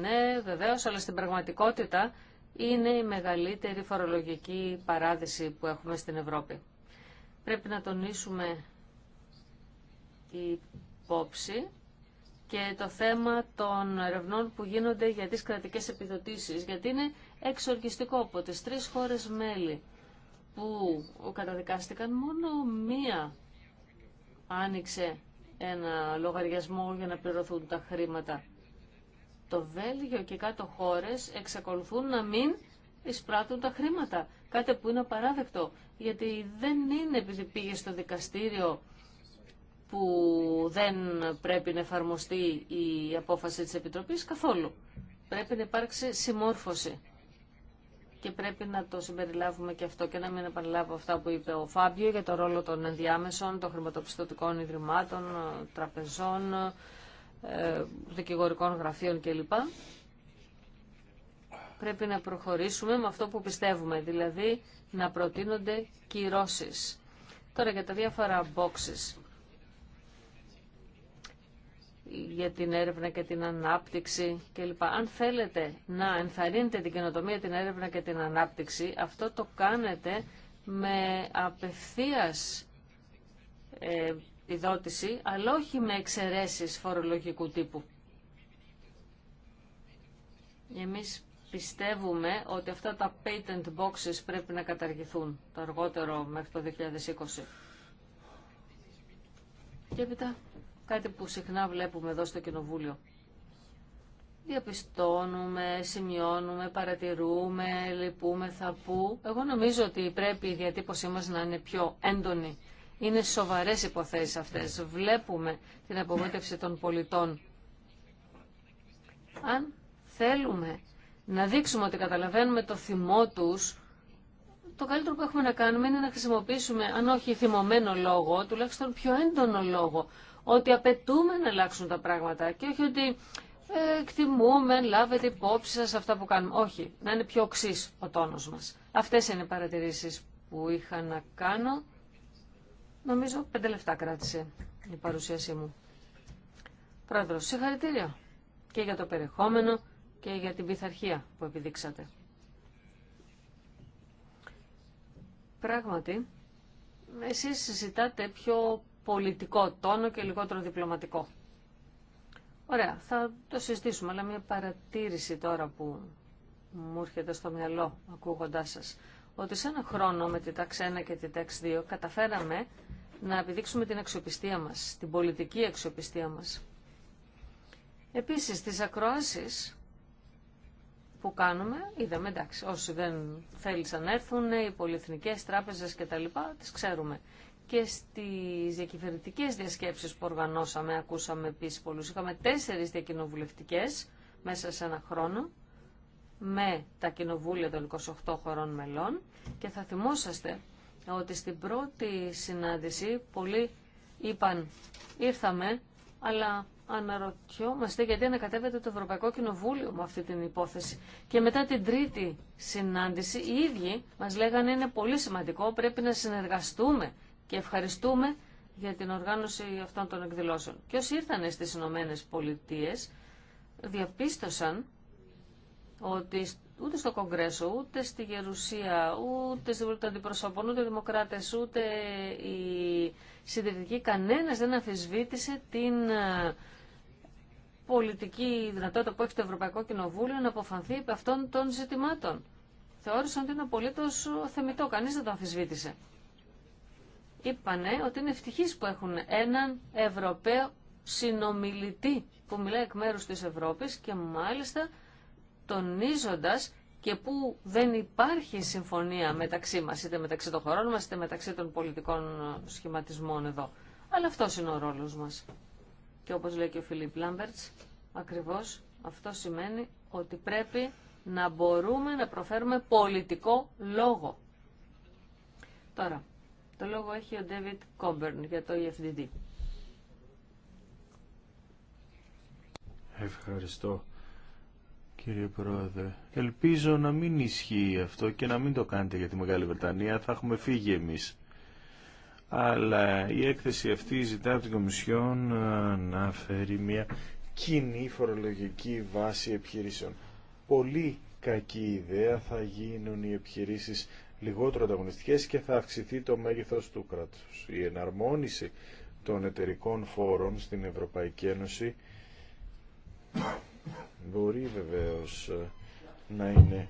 ναι βεβαίως, αλλά στην πραγματικότητα είναι η μεγαλύτερη φορολογική παράδειση που έχουμε στην Ευρώπη. Πρέπει να τονίσουμε υπόψη και το θέμα των ερευνών που γίνονται για τις κρατικές επιδοτήσεις, γιατί είναι εξοργιστικό από τις τρεις χώρες μέλη που καταδικάστηκαν μόνο μία άνοιξε ένα λογαριασμό για να πληρωθούν τα χρήματα. Το Βέλγιο και κάτω χώρες εξακολουθούν να μην εισπράττουν τα χρήματα. Κάτι που είναι απαράδεκτο, γιατί δεν είναι επειδή πήγε στο δικαστήριο που δεν πρέπει να εφαρμοστεί η απόφαση της Επιτροπής καθόλου. Πρέπει να υπάρξει συμμόρφωση και πρέπει να το συμπεριλάβουμε και αυτό και να μην επαναλάβω αυτά που είπε ο Φάμπιο για το ρόλο των ενδιάμεσων, των χρηματοπιστωτικών ιδρυμάτων, τραπεζών, ε, δικηγορικών γραφείων κλπ. Πρέπει να προχωρήσουμε με αυτό που πιστεύουμε, δηλαδή να προτείνονται κυρώσεις. Τώρα για τα διάφορα boxes για την έρευνα και την ανάπτυξη κλπ. Αν θέλετε να ενθαρρύνετε την καινοτομία, την έρευνα και την ανάπτυξη, αυτό το κάνετε με απευθείας ε, επιδότηση, αλλά όχι με εξαιρέσεις φορολογικού τύπου. Εμείς πιστεύουμε ότι αυτά τα patent boxes πρέπει να καταργηθούν το αργότερο μέχρι το 2020. Και έπειτα Κάτι που συχνά βλέπουμε εδώ στο Κοινοβούλιο. Διαπιστώνουμε, σημειώνουμε, παρατηρούμε, θα που. Εγώ νομίζω ότι πρέπει η διατύπωσή μας να είναι πιο έντονη. Είναι σοβαρές υποθέσεις αυτές. Βλέπουμε την απογοήτευση των πολιτών. Αν θέλουμε να δείξουμε ότι καταλαβαίνουμε το θυμό τους, το καλύτερο που έχουμε να κάνουμε είναι να χρησιμοποιήσουμε, αν όχι θυμωμένο λόγο, τουλάχιστον πιο έντονο λόγο, ότι απαιτούμε να αλλάξουν τα πράγματα και όχι ότι ε, εκτιμούμε, λάβετε υπόψη σας αυτά που κάνουμε. Όχι, να είναι πιο οξύ ο τόνος μας. Αυτές είναι οι παρατηρήσεις που είχα να κάνω. Νομίζω πέντε λεφτά κράτησε η παρουσίασή μου. Πρόεδρος, συγχαρητήρια και για το περιεχόμενο και για την πειθαρχία που επιδείξατε. Πράγματι, εσείς συζητάτε πιο πολιτικό τόνο και λιγότερο διπλωματικό. Ωραία, θα το συζητήσουμε, αλλά μια παρατήρηση τώρα που μου έρχεται στο μυαλό ακούγοντάς σας. Ότι σε ένα χρόνο με τη τάξη 1 και τη τάξη 2 καταφέραμε να επιδείξουμε την αξιοπιστία μας, την πολιτική αξιοπιστία μας. Επίσης, τις ακροάσεις που κάνουμε, είδαμε εντάξει, όσοι δεν θέλησαν να έρθουν, οι πολυεθνικές τράπεζες κτλ, τις ξέρουμε και στις διακυβερνητικές διασκέψεις που οργανώσαμε, ακούσαμε επίσης πολλούς. Είχαμε τέσσερις διακοινοβουλευτικές μέσα σε ένα χρόνο με τα κοινοβούλια των 28 χωρών μελών και θα θυμόσαστε ότι στην πρώτη συνάντηση πολλοί είπαν ήρθαμε αλλά αναρωτιόμαστε γιατί ανακατεύεται το Ευρωπαϊκό Κοινοβούλιο με αυτή την υπόθεση. Και μετά την τρίτη συνάντηση οι ίδιοι μας λέγανε είναι πολύ σημαντικό πρέπει να συνεργαστούμε και ευχαριστούμε για την οργάνωση αυτών των εκδηλώσεων. Και όσοι ήρθαν στις Ηνωμένε Πολιτείε διαπίστωσαν ότι ούτε στο Κογκρέσο, ούτε στη Γερουσία, ούτε στη Βουλή των Αντιπροσωπών, ούτε οι Δημοκράτε, ούτε οι συντηρητικοί, κανένα δεν αφισβήτησε την ε, πολιτική δυνατότητα που έχει το Ευρωπαϊκό Κοινοβούλιο να αποφανθεί από αυτών των ζητημάτων. Θεώρησαν ότι είναι απολύτω ε, θεμητό, κανεί δεν το αφισβήτησε είπανε ότι είναι ευτυχείς που έχουν έναν Ευρωπαίο συνομιλητή που μιλάει εκ μέρους της Ευρώπης και μάλιστα τονίζοντας και που δεν υπάρχει συμφωνία μεταξύ μας, είτε μεταξύ των χωρών μας, είτε μεταξύ των πολιτικών σχηματισμών εδώ. Αλλά αυτός είναι ο ρόλος μας. Και όπως λέει και ο Φιλίπ Λάμπερτς, ακριβώς αυτό σημαίνει ότι πρέπει να μπορούμε να προφέρουμε πολιτικό λόγο. Τώρα, το λόγο έχει ο Ντέβιτ Κόμπερν για το EFDD. Ευχαριστώ κύριε Πρόεδρε. Ελπίζω να μην ισχύει αυτό και να μην το κάνετε για τη Μεγάλη Βρετανία. Θα έχουμε φύγει εμείς. Αλλά η έκθεση αυτή ζητά από την Κομισιόν ε, να φέρει μια κοινή φορολογική βάση επιχειρήσεων. Πολύ κακή ιδέα θα γίνουν οι επιχειρήσεις λιγότερο ανταγωνιστικές και θα αυξηθεί το μέγεθος του κράτους. Η εναρμόνιση των εταιρικών φόρων στην Ευρωπαϊκή Ένωση μπορεί βεβαίως ε, να είναι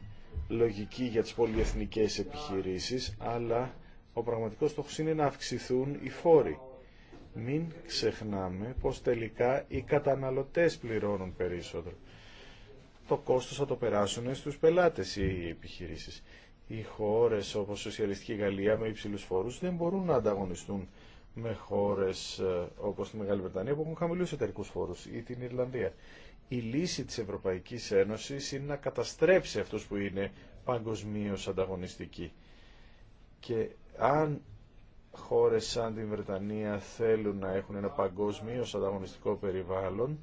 λογική για τις πολυεθνικές επιχειρήσεις, αλλά ο πραγματικός στόχος είναι να αυξηθούν οι φόροι. Μην ξεχνάμε πως τελικά οι καταναλωτές πληρώνουν περισσότερο. Το κόστος θα το περάσουν στους πελάτες οι επιχειρήσεις οι χώρες όπως η Σοσιαλιστική Γαλλία με υψηλούς φόρους δεν μπορούν να ανταγωνιστούν με χώρες ε, όπως τη Μεγάλη Βρετανία που έχουν χαμηλούς εταιρικούς φόρους ή την Ιρλανδία. Η λύση της Ευρωπαϊκής Ένωσης είναι να καταστρέψει αυτός που είναι παγκοσμίω ανταγωνιστικοί. Και αν χώρες σαν την Βρετανία θέλουν να έχουν ένα παγκοσμίω ανταγωνιστικό περιβάλλον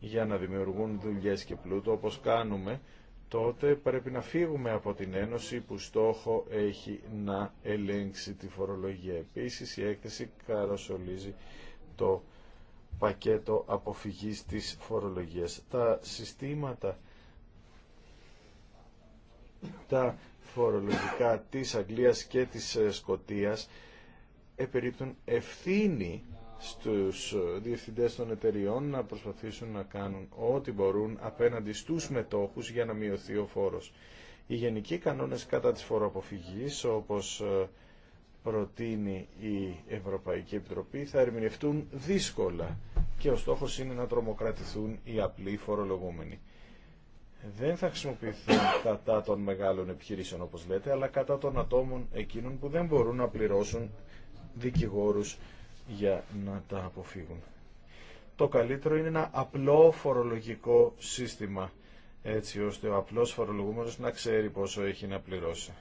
για να δημιουργούν δουλειές και πλούτο όπως κάνουμε τότε πρέπει να φύγουμε από την Ένωση που στόχο έχει να ελέγξει τη φορολογία. Επίσης η έκθεση καροσολίζει το πακέτο αποφυγής της φορολογίας. Τα συστήματα τα φορολογικά της Αγγλίας και της Σκοτίας επερίπτουν ευθύνη στους ε, διευθυντές των εταιριών να προσπαθήσουν να κάνουν ό,τι μπορούν απέναντι στους μετόχους για να μειωθεί ο φόρος. Οι γενικοί κανόνες κατά της φοροαποφυγής, όπως ε, προτείνει η Ευρωπαϊκή Επιτροπή, θα ερμηνευτούν δύσκολα και ο στόχος είναι να τρομοκρατηθούν οι απλοί φορολογούμενοι. Δεν θα χρησιμοποιηθούν κατά των μεγάλων επιχειρήσεων όπως λέτε, αλλά κατά των ατόμων εκείνων που δεν μπορούν να πληρώσουν δικηγόρους για να τα αποφύγουν. Το καλύτερο είναι ένα απλό φορολογικό σύστημα, έτσι ώστε ο απλός φορολογούμενος να ξέρει πόσο έχει να πληρώσει.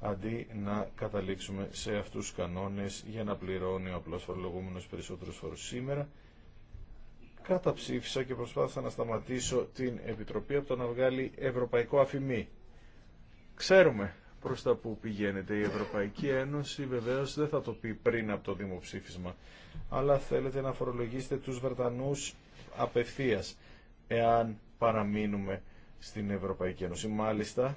Αντί να καταλήξουμε σε αυτούς τους κανόνες για να πληρώνει ο απλός φορολογούμενος περισσότερους φορούς σήμερα, καταψήφισα και προσπάθησα να σταματήσω την Επιτροπή από το να βγάλει ευρωπαϊκό αφημί. Ξέρουμε προς τα που πηγαίνετε. Η Ευρωπαϊκή Ένωση βεβαίως δεν θα το πει πριν από το δημοψήφισμα, αλλά θέλετε να φορολογήσετε τους Βρετανούς απευθείας, εάν παραμείνουμε στην Ευρωπαϊκή Ένωση. Μάλιστα,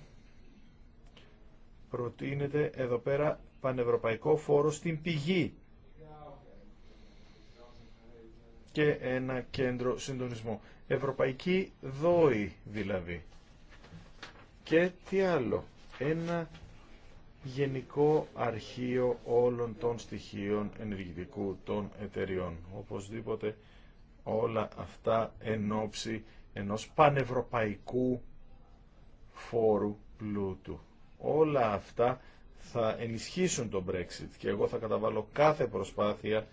προτείνεται εδώ πέρα πανευρωπαϊκό φόρο στην πηγή και ένα κέντρο συντονισμού. Ευρωπαϊκή δόη δηλαδή. Και τι άλλο ένα γενικό αρχείο όλων των στοιχείων ενεργητικού των εταιριών. Οπωσδήποτε όλα αυτά εν ώψη ενός πανευρωπαϊκού φόρου πλούτου. Όλα αυτά θα ενισχύσουν τον Brexit και εγώ θα καταβάλω κάθε προσπάθεια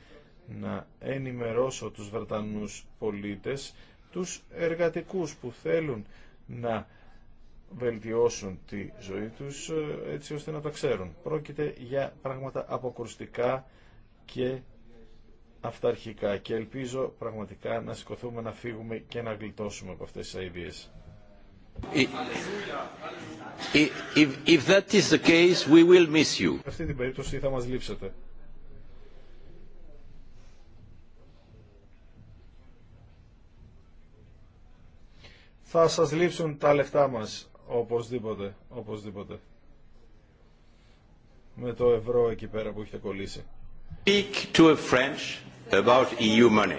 να ενημερώσω τους Βρετανούς πολίτες, τους εργατικούς που θέλουν να βελτιώσουν τη ζωή τους ε, έτσι ώστε να τα ξέρουν. Πρόκειται για πράγματα αποκρουστικά και αυταρχικά και ελπίζω πραγματικά να σηκωθούμε, να φύγουμε και να γλιτώσουμε από αυτές τις αηδίες. If αυτή την περίπτωση θα μας λείψετε. Θα σας λείψουν τα λεφτά μας. Οπωσδήποτε, οπωσδήποτε. Με το ευρώ εκεί πέρα που έχετε κολλήσει. Speak to a French about EU money.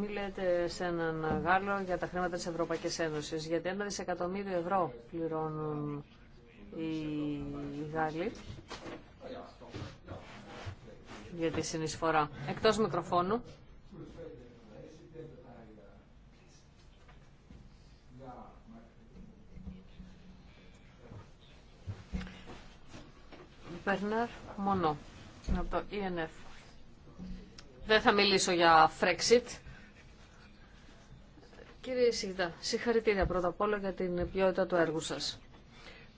μιλάτε σε έναν Γάλλο για τα χρήματα της Ευρωπαϊκής Ένωσης, γιατί ένα δισεκατομμύριο ευρώ πληρώνουν οι Γάλλοι για τη συνεισφορά. Εκτός μικροφώνου. Μπερνάρ Μονό από το ENF. Δεν θα μιλήσω για Frexit. Κύριε Σιγητά, συγχαρητήρια πρώτα απ' όλα για την ποιότητα του έργου σας.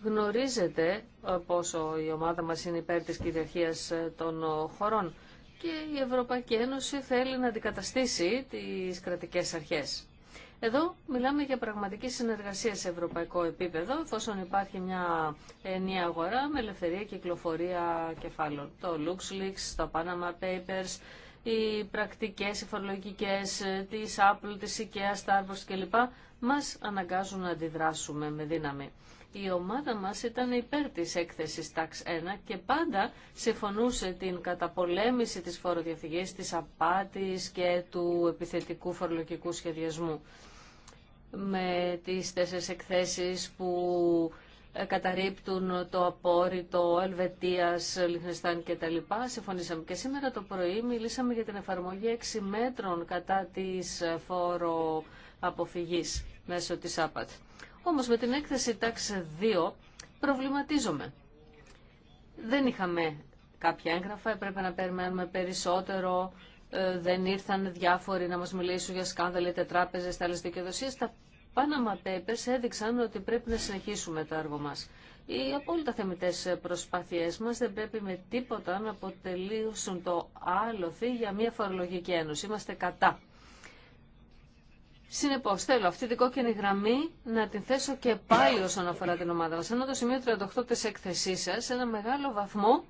Γνωρίζετε ε, πόσο η ομάδα μας είναι υπέρ της κυριαρχίας ε, των ε, χωρών και η Ευρωπαϊκή Ένωση θέλει να αντικαταστήσει τις κρατικές αρχές. Εδώ μιλάμε για πραγματική συνεργασία σε ευρωπαϊκό επίπεδο, εφόσον υπάρχει μια ενιαία αγορά με ελευθερία κυκλοφορία κεφάλων. Το LuxLeaks, το Panama Papers, οι πρακτικές, οι φορολογικές της Apple, της IKEA, Starbucks κλπ. μας αναγκάζουν να αντιδράσουμε με δύναμη η ομάδα μας ήταν υπέρ της έκθεσης TAX 1 και πάντα συμφωνούσε την καταπολέμηση της φοροδιαφυγής, της απάτης και του επιθετικού φορολογικού σχεδιασμού. Με τις τέσσερις εκθέσεις που ε, καταρρύπτουν το απόρριτο Ελβετίας, Λιχνεστάν και τα λοιπά. Συμφωνήσαμε και σήμερα το πρωί μιλήσαμε για την εφαρμογή 6 μέτρων κατά της ε, φόρο αποφυγής μέσω της ΑΠΑΤ. Όμως με την έκθεση τάξη 2 προβληματίζομαι. Δεν είχαμε κάποια έγγραφα, έπρεπε να περιμένουμε περισσότερο, ε, δεν ήρθαν διάφοροι να μας μιλήσουν για σκάνδαλα, τετράπεζες, τα άλλες δικαιοδοσίες. Τα Panama Papers έδειξαν ότι πρέπει να συνεχίσουμε το έργο μας. Οι απόλυτα θεμητές προσπάθειές μας δεν πρέπει με τίποτα να αποτελήσουν το άλοθη για μια φορολογική ένωση. Είμαστε κατά. Συνεπώ, θέλω αυτή την κόκκινη γραμμή να την θέσω και πάλι όσον αφορά την ομάδα μα. Ενώ το σημείο 38 της σα, σε ένα μεγάλο βαθμό,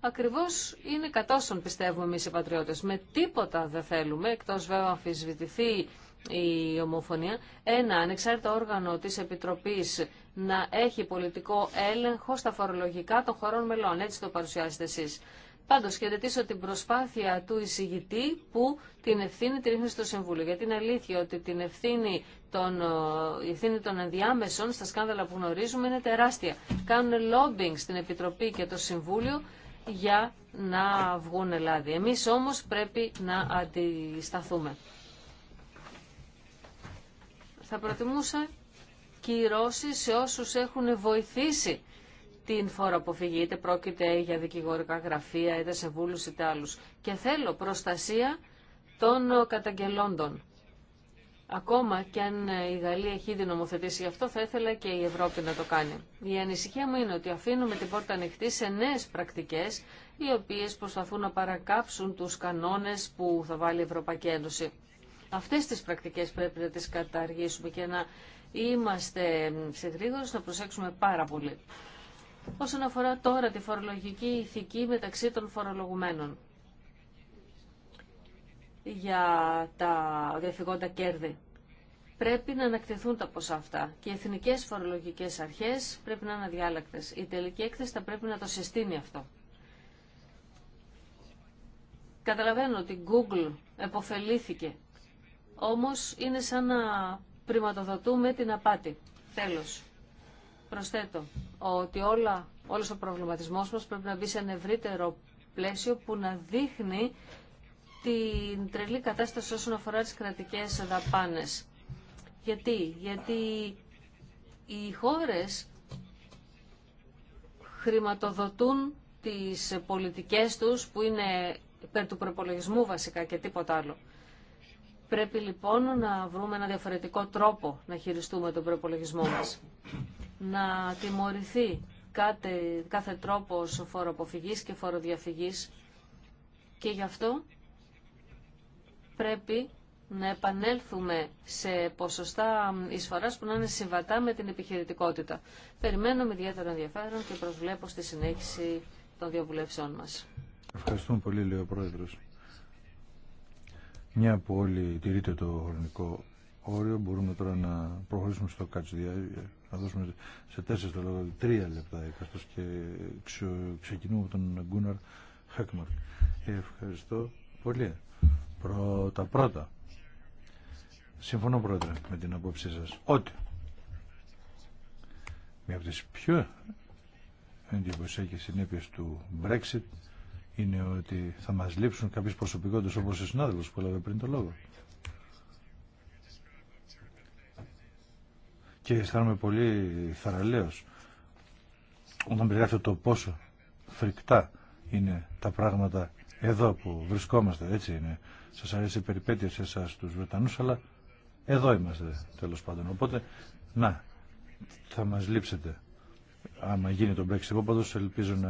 ακριβώ είναι όσων πιστεύουμε εμεί, οι πατριώτε. Με τίποτα δεν θέλουμε, εκτό βέβαια αμφισβητηθεί η ομοφωνία, ένα ανεξάρτητο όργανο της Επιτροπής να έχει πολιτικό έλεγχο στα φορολογικά των χωρών μελών. Έτσι το παρουσιάζετε εσείς. Πάντως χαιρετήσω την προσπάθεια του εισηγητή που την ευθύνη τη ρίχνει στο Συμβούλιο. Γιατί είναι αλήθεια ότι την ευθύνη των, η ευθύνη των ενδιάμεσων στα σκάνδαλα που γνωρίζουμε είναι τεράστια. Κάνουν lobbying στην Επιτροπή και το Συμβούλιο για να βγουν λάδι. Εμείς όμως πρέπει να αντισταθούμε. Θα προτιμούσα κυρώσει σε όσους έχουν βοηθήσει την φοροαποφυγή, είτε πρόκειται για δικηγορικά γραφεία, είτε σε βούλους είτε άλλους. Και θέλω προστασία των καταγγελόντων. Ακόμα και αν η Γαλλία έχει ήδη νομοθετήσει γι' αυτό, θα ήθελα και η Ευρώπη να το κάνει. Η ανησυχία μου είναι ότι αφήνουμε την πόρτα ανοιχτή σε νέε πρακτικέ, οι οποίε προσπαθούν να παρακάψουν του κανόνε που θα βάλει η Ευρωπαϊκή Ένωση. Αυτέ τι πρακτικέ πρέπει να τι καταργήσουμε και να είμαστε σε γρήγορε να προσέξουμε πάρα πολύ όσον αφορά τώρα τη φορολογική ηθική μεταξύ των φορολογουμένων για τα διαφυγόντα κέρδη. Πρέπει να ανακτηθούν τα ποσά αυτά και οι εθνικές φορολογικές αρχές πρέπει να είναι αδιάλακτες. Η τελική έκθεση θα πρέπει να το συστήνει αυτό. Καταλαβαίνω ότι Google εποφελήθηκε, όμως είναι σαν να πρηματοδοτούμε την απάτη. Τέλος. Προσθέτω ότι όλα, όλος ο προβληματισμός μας πρέπει να μπει σε ένα ευρύτερο πλαίσιο που να δείχνει την τρελή κατάσταση όσον αφορά τις κρατικές δαπάνες. Γιατί, Γιατί οι χώρες χρηματοδοτούν τις πολιτικές τους που είναι υπέρ του προπολογισμού βασικά και τίποτα άλλο. Πρέπει λοιπόν να βρούμε ένα διαφορετικό τρόπο να χειριστούμε τον προπολογισμό μας να τιμωρηθεί κάθε, κάθε τρόπος φοροποφυγής και φοροδιαφυγής και γι' αυτό πρέπει να επανέλθουμε σε ποσοστά εισφοράς που να είναι συμβατά με την επιχειρητικότητα. Περιμένω με ιδιαίτερο ενδιαφέρον και προσβλέπω στη συνέχιση των διαβουλεύσεών μας. Ευχαριστούμε πολύ, λέει ο Πρόεδρος. Μια που όλοι τηρείται το χρονικό όριο, μπορούμε τώρα να προχωρήσουμε στο θα δώσουμε σε τέσσερις το λόγο, τρία λεπτά καθώς και ξεκινούμε από τον Γκούναρ Χέκμαρ. Ευχαριστώ πολύ. Πρώτα πρώτα. Συμφωνώ πρώτα με την απόψή σας ότι μία από τις πιο εντυπωσιακές συνέπειες του Brexit είναι ότι θα μας λείψουν κάποιες προσωπικότητες όπως ο συνάδελφος που έλαβε πριν το λόγο. και αισθάνομαι πολύ θαραλέος όταν περιγράφω το πόσο φρικτά είναι τα πράγματα εδώ που βρισκόμαστε, έτσι είναι. Σας αρέσει η περιπέτεια σε εσάς τους Βρετανούς, αλλά εδώ είμαστε τέλος πάντων. Οπότε, να, θα μας λείψετε άμα γίνει το Brexit. Εγώ ελπίζω να,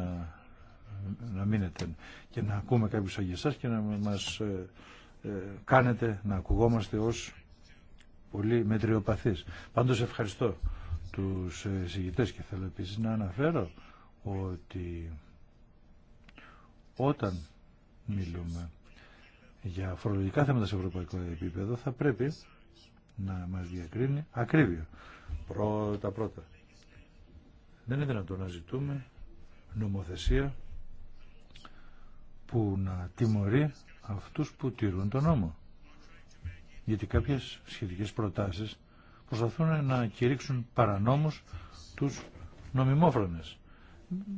να μείνετε και να ακούμε κάποιους σας και να μας ε, ε, κάνετε να ακουγόμαστε ως πολύ μετριοπαθή. Πάντως ευχαριστώ τους συγητές και θέλω επίσης να αναφέρω ότι όταν μιλούμε για φορολογικά θέματα σε ευρωπαϊκό επίπεδο θα πρέπει να μας διακρίνει ακρίβεια. Πρώτα πρώτα. Δεν είναι δυνατόν να ζητούμε νομοθεσία που να τιμωρεί αυτούς που τηρούν τον νόμο γιατί κάποιες σχετικές προτάσεις προσπαθούν να κηρύξουν παρανόμους τους νομιμόφρονες.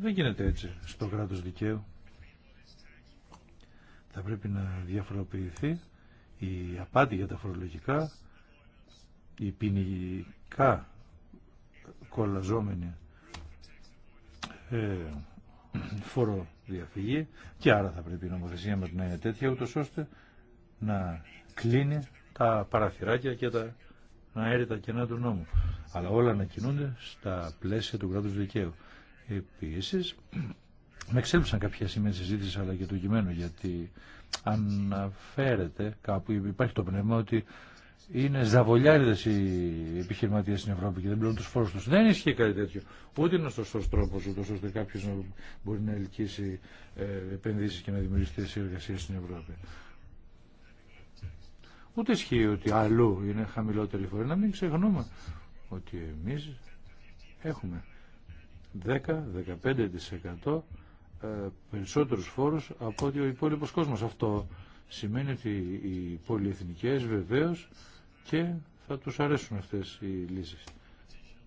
Δεν γίνεται έτσι στο κράτος δικαίου. Θα πρέπει να διαφοροποιηθεί η απάτη για τα φορολογικά, η ποινικά κολλαζόμενη ε, φοροδιαφυγή και άρα θα πρέπει η νομοθεσία μας να είναι τέτοια ούτως ώστε να κλείνει τα παραθυράκια και τα αέρητα κενά του νόμου. Αλλά όλα να ανακοινούνται στα πλαίσια του κράτους δικαίου. Επίσης, με εξέλιψαν κάποια σημεία συζήτηση αλλά και του κειμένου γιατί αναφέρεται κάπου, υπάρχει το πνεύμα ότι είναι ζαβολιάριδε οι επιχειρηματίε στην Ευρώπη και δεν πληρώνουν του φόρου του. Δεν ισχύει κάτι τέτοιο. Ούτε είναι σωστό τρόπο ούτω ώστε κάποιο να μπορεί να ελκύσει ε, επενδύσει και να δημιουργήσει θέσει εργασία στην Ευρώπη. Ούτε ισχύει ότι αλλού είναι χαμηλότερη φορά. Να μην ξεχνούμε ότι εμείς έχουμε 10-15% ε, περισσότερους φόρους από ότι ο υπόλοιπος κόσμος. Αυτό σημαίνει ότι οι πολυεθνικές βεβαίως και θα τους αρέσουν αυτές οι λύσεις.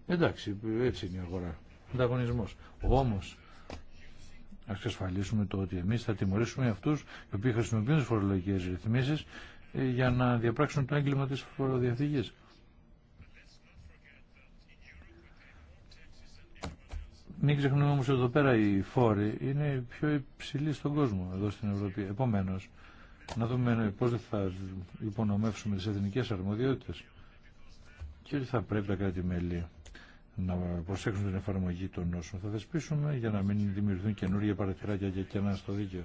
Εντάξει, έτσι είναι η αγορά. Ανταγωνισμός. Όμως, ας εξασφαλίσουμε το ότι εμείς θα τιμωρήσουμε αυτούς οι οποίοι χρησιμοποιούν τι φορολογικές ρυθμίσεις για να διαπράξουν το έγκλημα της φοροδιαφυγής. Μην ξεχνούμε όμως εδώ πέρα οι φόροι είναι οι πιο υψηλοί στον κόσμο εδώ στην Ευρώπη. Επομένως, να δούμε πώς δεν θα υπονομεύσουμε τις εθνικές αρμοδιότητες και ότι θα πρέπει τα κράτη-μέλη να προσέξουν την εφαρμογή των όσων θα θεσπίσουμε για να μην δημιουργηθούν καινούργια παρατηράκια και κενά στο δίκαιο.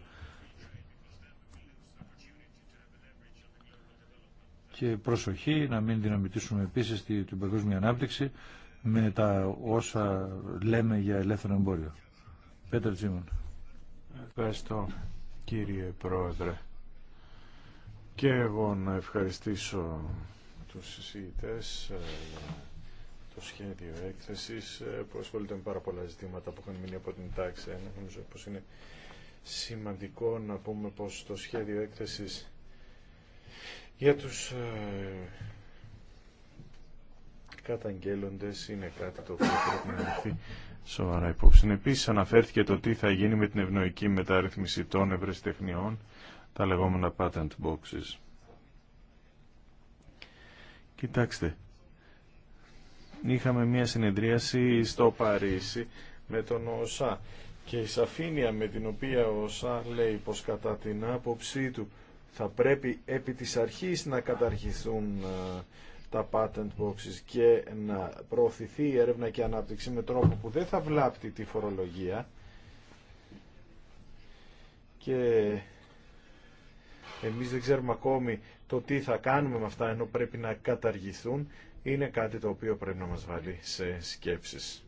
και προσοχή να μην δυναμητήσουμε επίσης την παγκόσμια ανάπτυξη με τα όσα λέμε για ελεύθερο εμπόριο. Πέτρα Τζίμον. Ευχαριστώ κύριε Πρόεδρε. Και εγώ να ευχαριστήσω τους συζητητές ε, το σχέδιο έκθεσης ε, που ασχολείται με πάρα πολλά ζητήματα που έχουν μείνει από την τάξη. Ε, νομίζω πως είναι σημαντικό να πούμε πως το σχέδιο έκθεσης για τους ε, καταγγέλλοντες είναι κάτι το οποίο πρέπει να έρθει σοβαρά υπόψη. Επίσης αναφέρθηκε το τι θα γίνει με την ευνοϊκή μεταρρύθμιση των ευρεσιτεχνιών, τα λεγόμενα patent boxes. Κοιτάξτε, είχαμε μια συνεδρίαση στο Παρίσι με τον ΟΣΑ και η σαφήνεια με την οποία ο ΟΣΑ λέει πως κατά την άποψή του θα πρέπει επί της αρχής να καταργηθούν ε, τα patent boxes και να προωθηθεί η έρευνα και ανάπτυξη με τρόπο που δεν θα βλάπτει τη φορολογία και εμείς δεν ξέρουμε ακόμη το τι θα κάνουμε με αυτά ενώ πρέπει να καταργηθούν είναι κάτι το οποίο πρέπει να μας βάλει σε σκέψεις.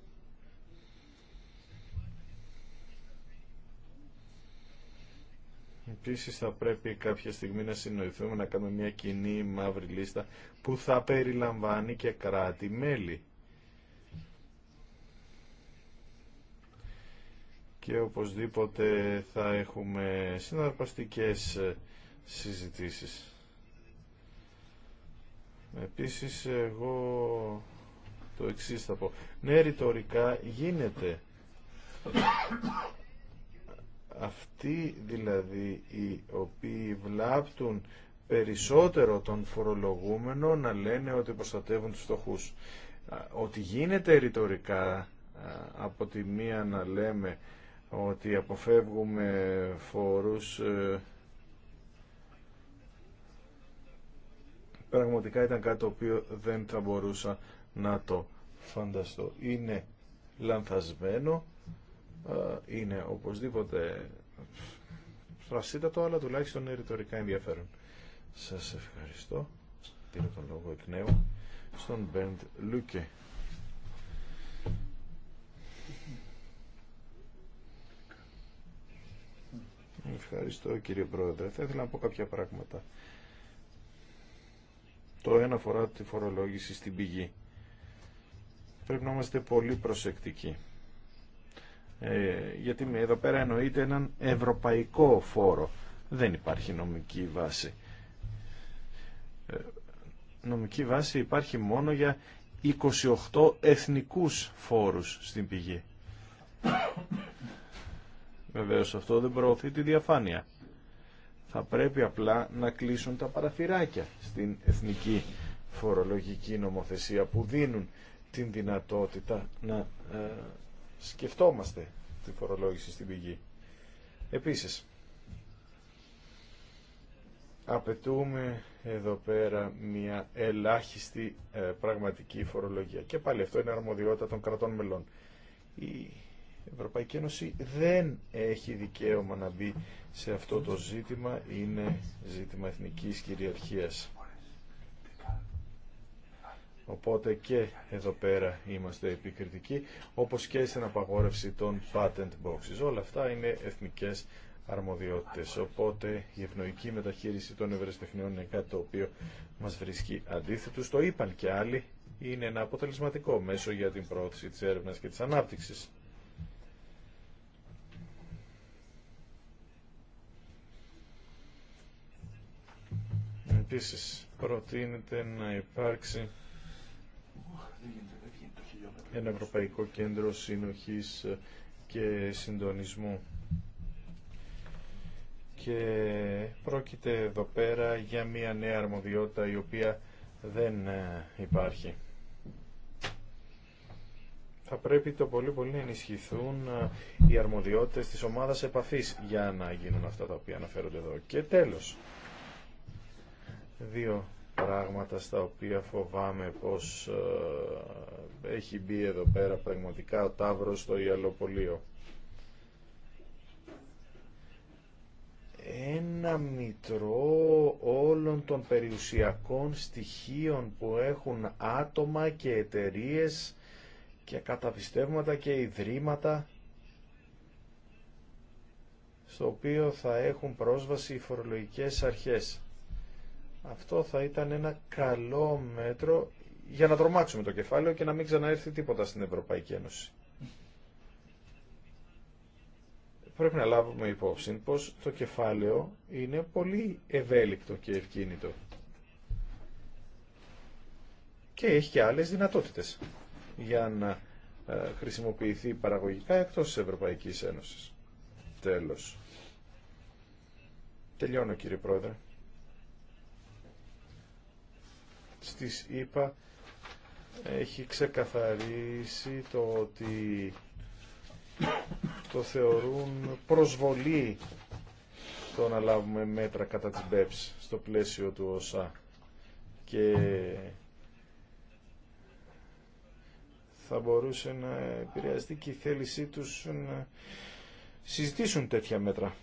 Επίσης θα πρέπει κάποια στιγμή να συνοηθούμε να κάνουμε μια κοινή μαύρη λίστα που θα περιλαμβάνει και κράτη-μέλη. Και οπωσδήποτε θα έχουμε συναρπαστικές συζητήσεις. Επίσης εγώ το εξής θα πω. Ναι, ρητορικά γίνεται αυτοί δηλαδή οι οποίοι βλάπτουν περισσότερο τον φορολογούμενο να λένε ότι προστατεύουν τους στοχούς. Ότι γίνεται ρητορικά από τη μία να λέμε ότι αποφεύγουμε φόρους ε, πραγματικά ήταν κάτι το οποίο δεν θα μπορούσα να το φανταστώ. Είναι λανθασμένο ε, είναι οπωσδήποτε φρασίτατο, αλλά τουλάχιστον είναι ρητορικά ενδιαφέρον. Σας ευχαριστώ. Πήρε τον λόγο εκ νέου στον Μπέντ Λούκε. Ευχαριστώ κύριε Πρόεδρε. Θα ήθελα να πω κάποια πράγματα. Το ένα αφορά τη φορολόγηση στην πηγή. Πρέπει να είμαστε πολύ προσεκτικοί. Ε, γιατί εδώ πέρα εννοείται έναν ευρωπαϊκό φόρο. Δεν υπάρχει νομική βάση. Ε, νομική βάση υπάρχει μόνο για 28 εθνικούς φόρους στην πηγή. Βεβαίως αυτό δεν προωθεί τη διαφάνεια. Θα πρέπει απλά να κλείσουν τα παραθυράκια στην εθνική φορολογική νομοθεσία που δίνουν την δυνατότητα να ε, σκεφτόμαστε τη φορολόγηση στην πηγή. Επίσης, απαιτούμε εδώ πέρα μια ελάχιστη ε, πραγματική φορολογία. Και πάλι αυτό είναι αρμοδιότητα των κρατών μελών. Η Ευρωπαϊκή Ένωση δεν έχει δικαίωμα να μπει σε αυτό το ζήτημα. Είναι ζήτημα εθνικής κυριαρχίας. Οπότε και εδώ πέρα είμαστε επικριτικοί, όπως και στην απαγόρευση των patent boxes. Όλα αυτά είναι εθνικές αρμοδιότητες. Οπότε η ευνοϊκή μεταχείριση των ευρεσιτεχνιών είναι κάτι το οποίο μας βρίσκει αντίθετο Το είπαν και άλλοι, είναι ένα αποτελεσματικό μέσο για την πρόθεση της έρευνας και της ανάπτυξης. Επίσης, προτείνεται να υπάρξει ένα Ευρωπαϊκό Κέντρο Συνοχής ε, και Συντονισμού. Και πρόκειται εδώ πέρα για μια νέα αρμοδιότητα η οποία δεν ε, υπάρχει. Θα πρέπει το πολύ πολύ να ενισχυθούν ε, οι αρμοδιότητες της ομάδας επαφής για να γίνουν αυτά τα οποία αναφέρονται εδώ. Και τέλος, δύο πράγματα στα οποία φοβάμαι πως ε, έχει μπει εδώ πέρα πραγματικά ο Ταύρος στο Ιαλοπολείο. ένα μητρό όλων των περιουσιακών στοιχείων που έχουν άτομα και εταιρίες και καταπιστεύματα και ιδρύματα στο οποίο θα έχουν πρόσβαση οι φορολογικές αρχές. Αυτό θα ήταν ένα καλό μέτρο για να τρομάξουμε το κεφάλαιο και να μην ξαναέρθει τίποτα στην Ευρωπαϊκή Ένωση. Πρέπει να λάβουμε υπόψη πως το κεφάλαιο είναι πολύ ευέλικτο και ευκίνητο. Και έχει και άλλες δυνατότητες για να ε, χρησιμοποιηθεί παραγωγικά εκτός της Ευρωπαϊκής Ένωσης. Τέλος. Τελειώνω κύριε Πρόεδρε. στις ΗΠΑ έχει ξεκαθαρίσει το ότι το θεωρούν προσβολή το να λάβουμε μέτρα κατά της ΜΠΕΠΣ στο πλαίσιο του ΩΣΑ και θα μπορούσε να επηρεαστεί και η θέλησή τους να συζητήσουν τέτοια μέτρα.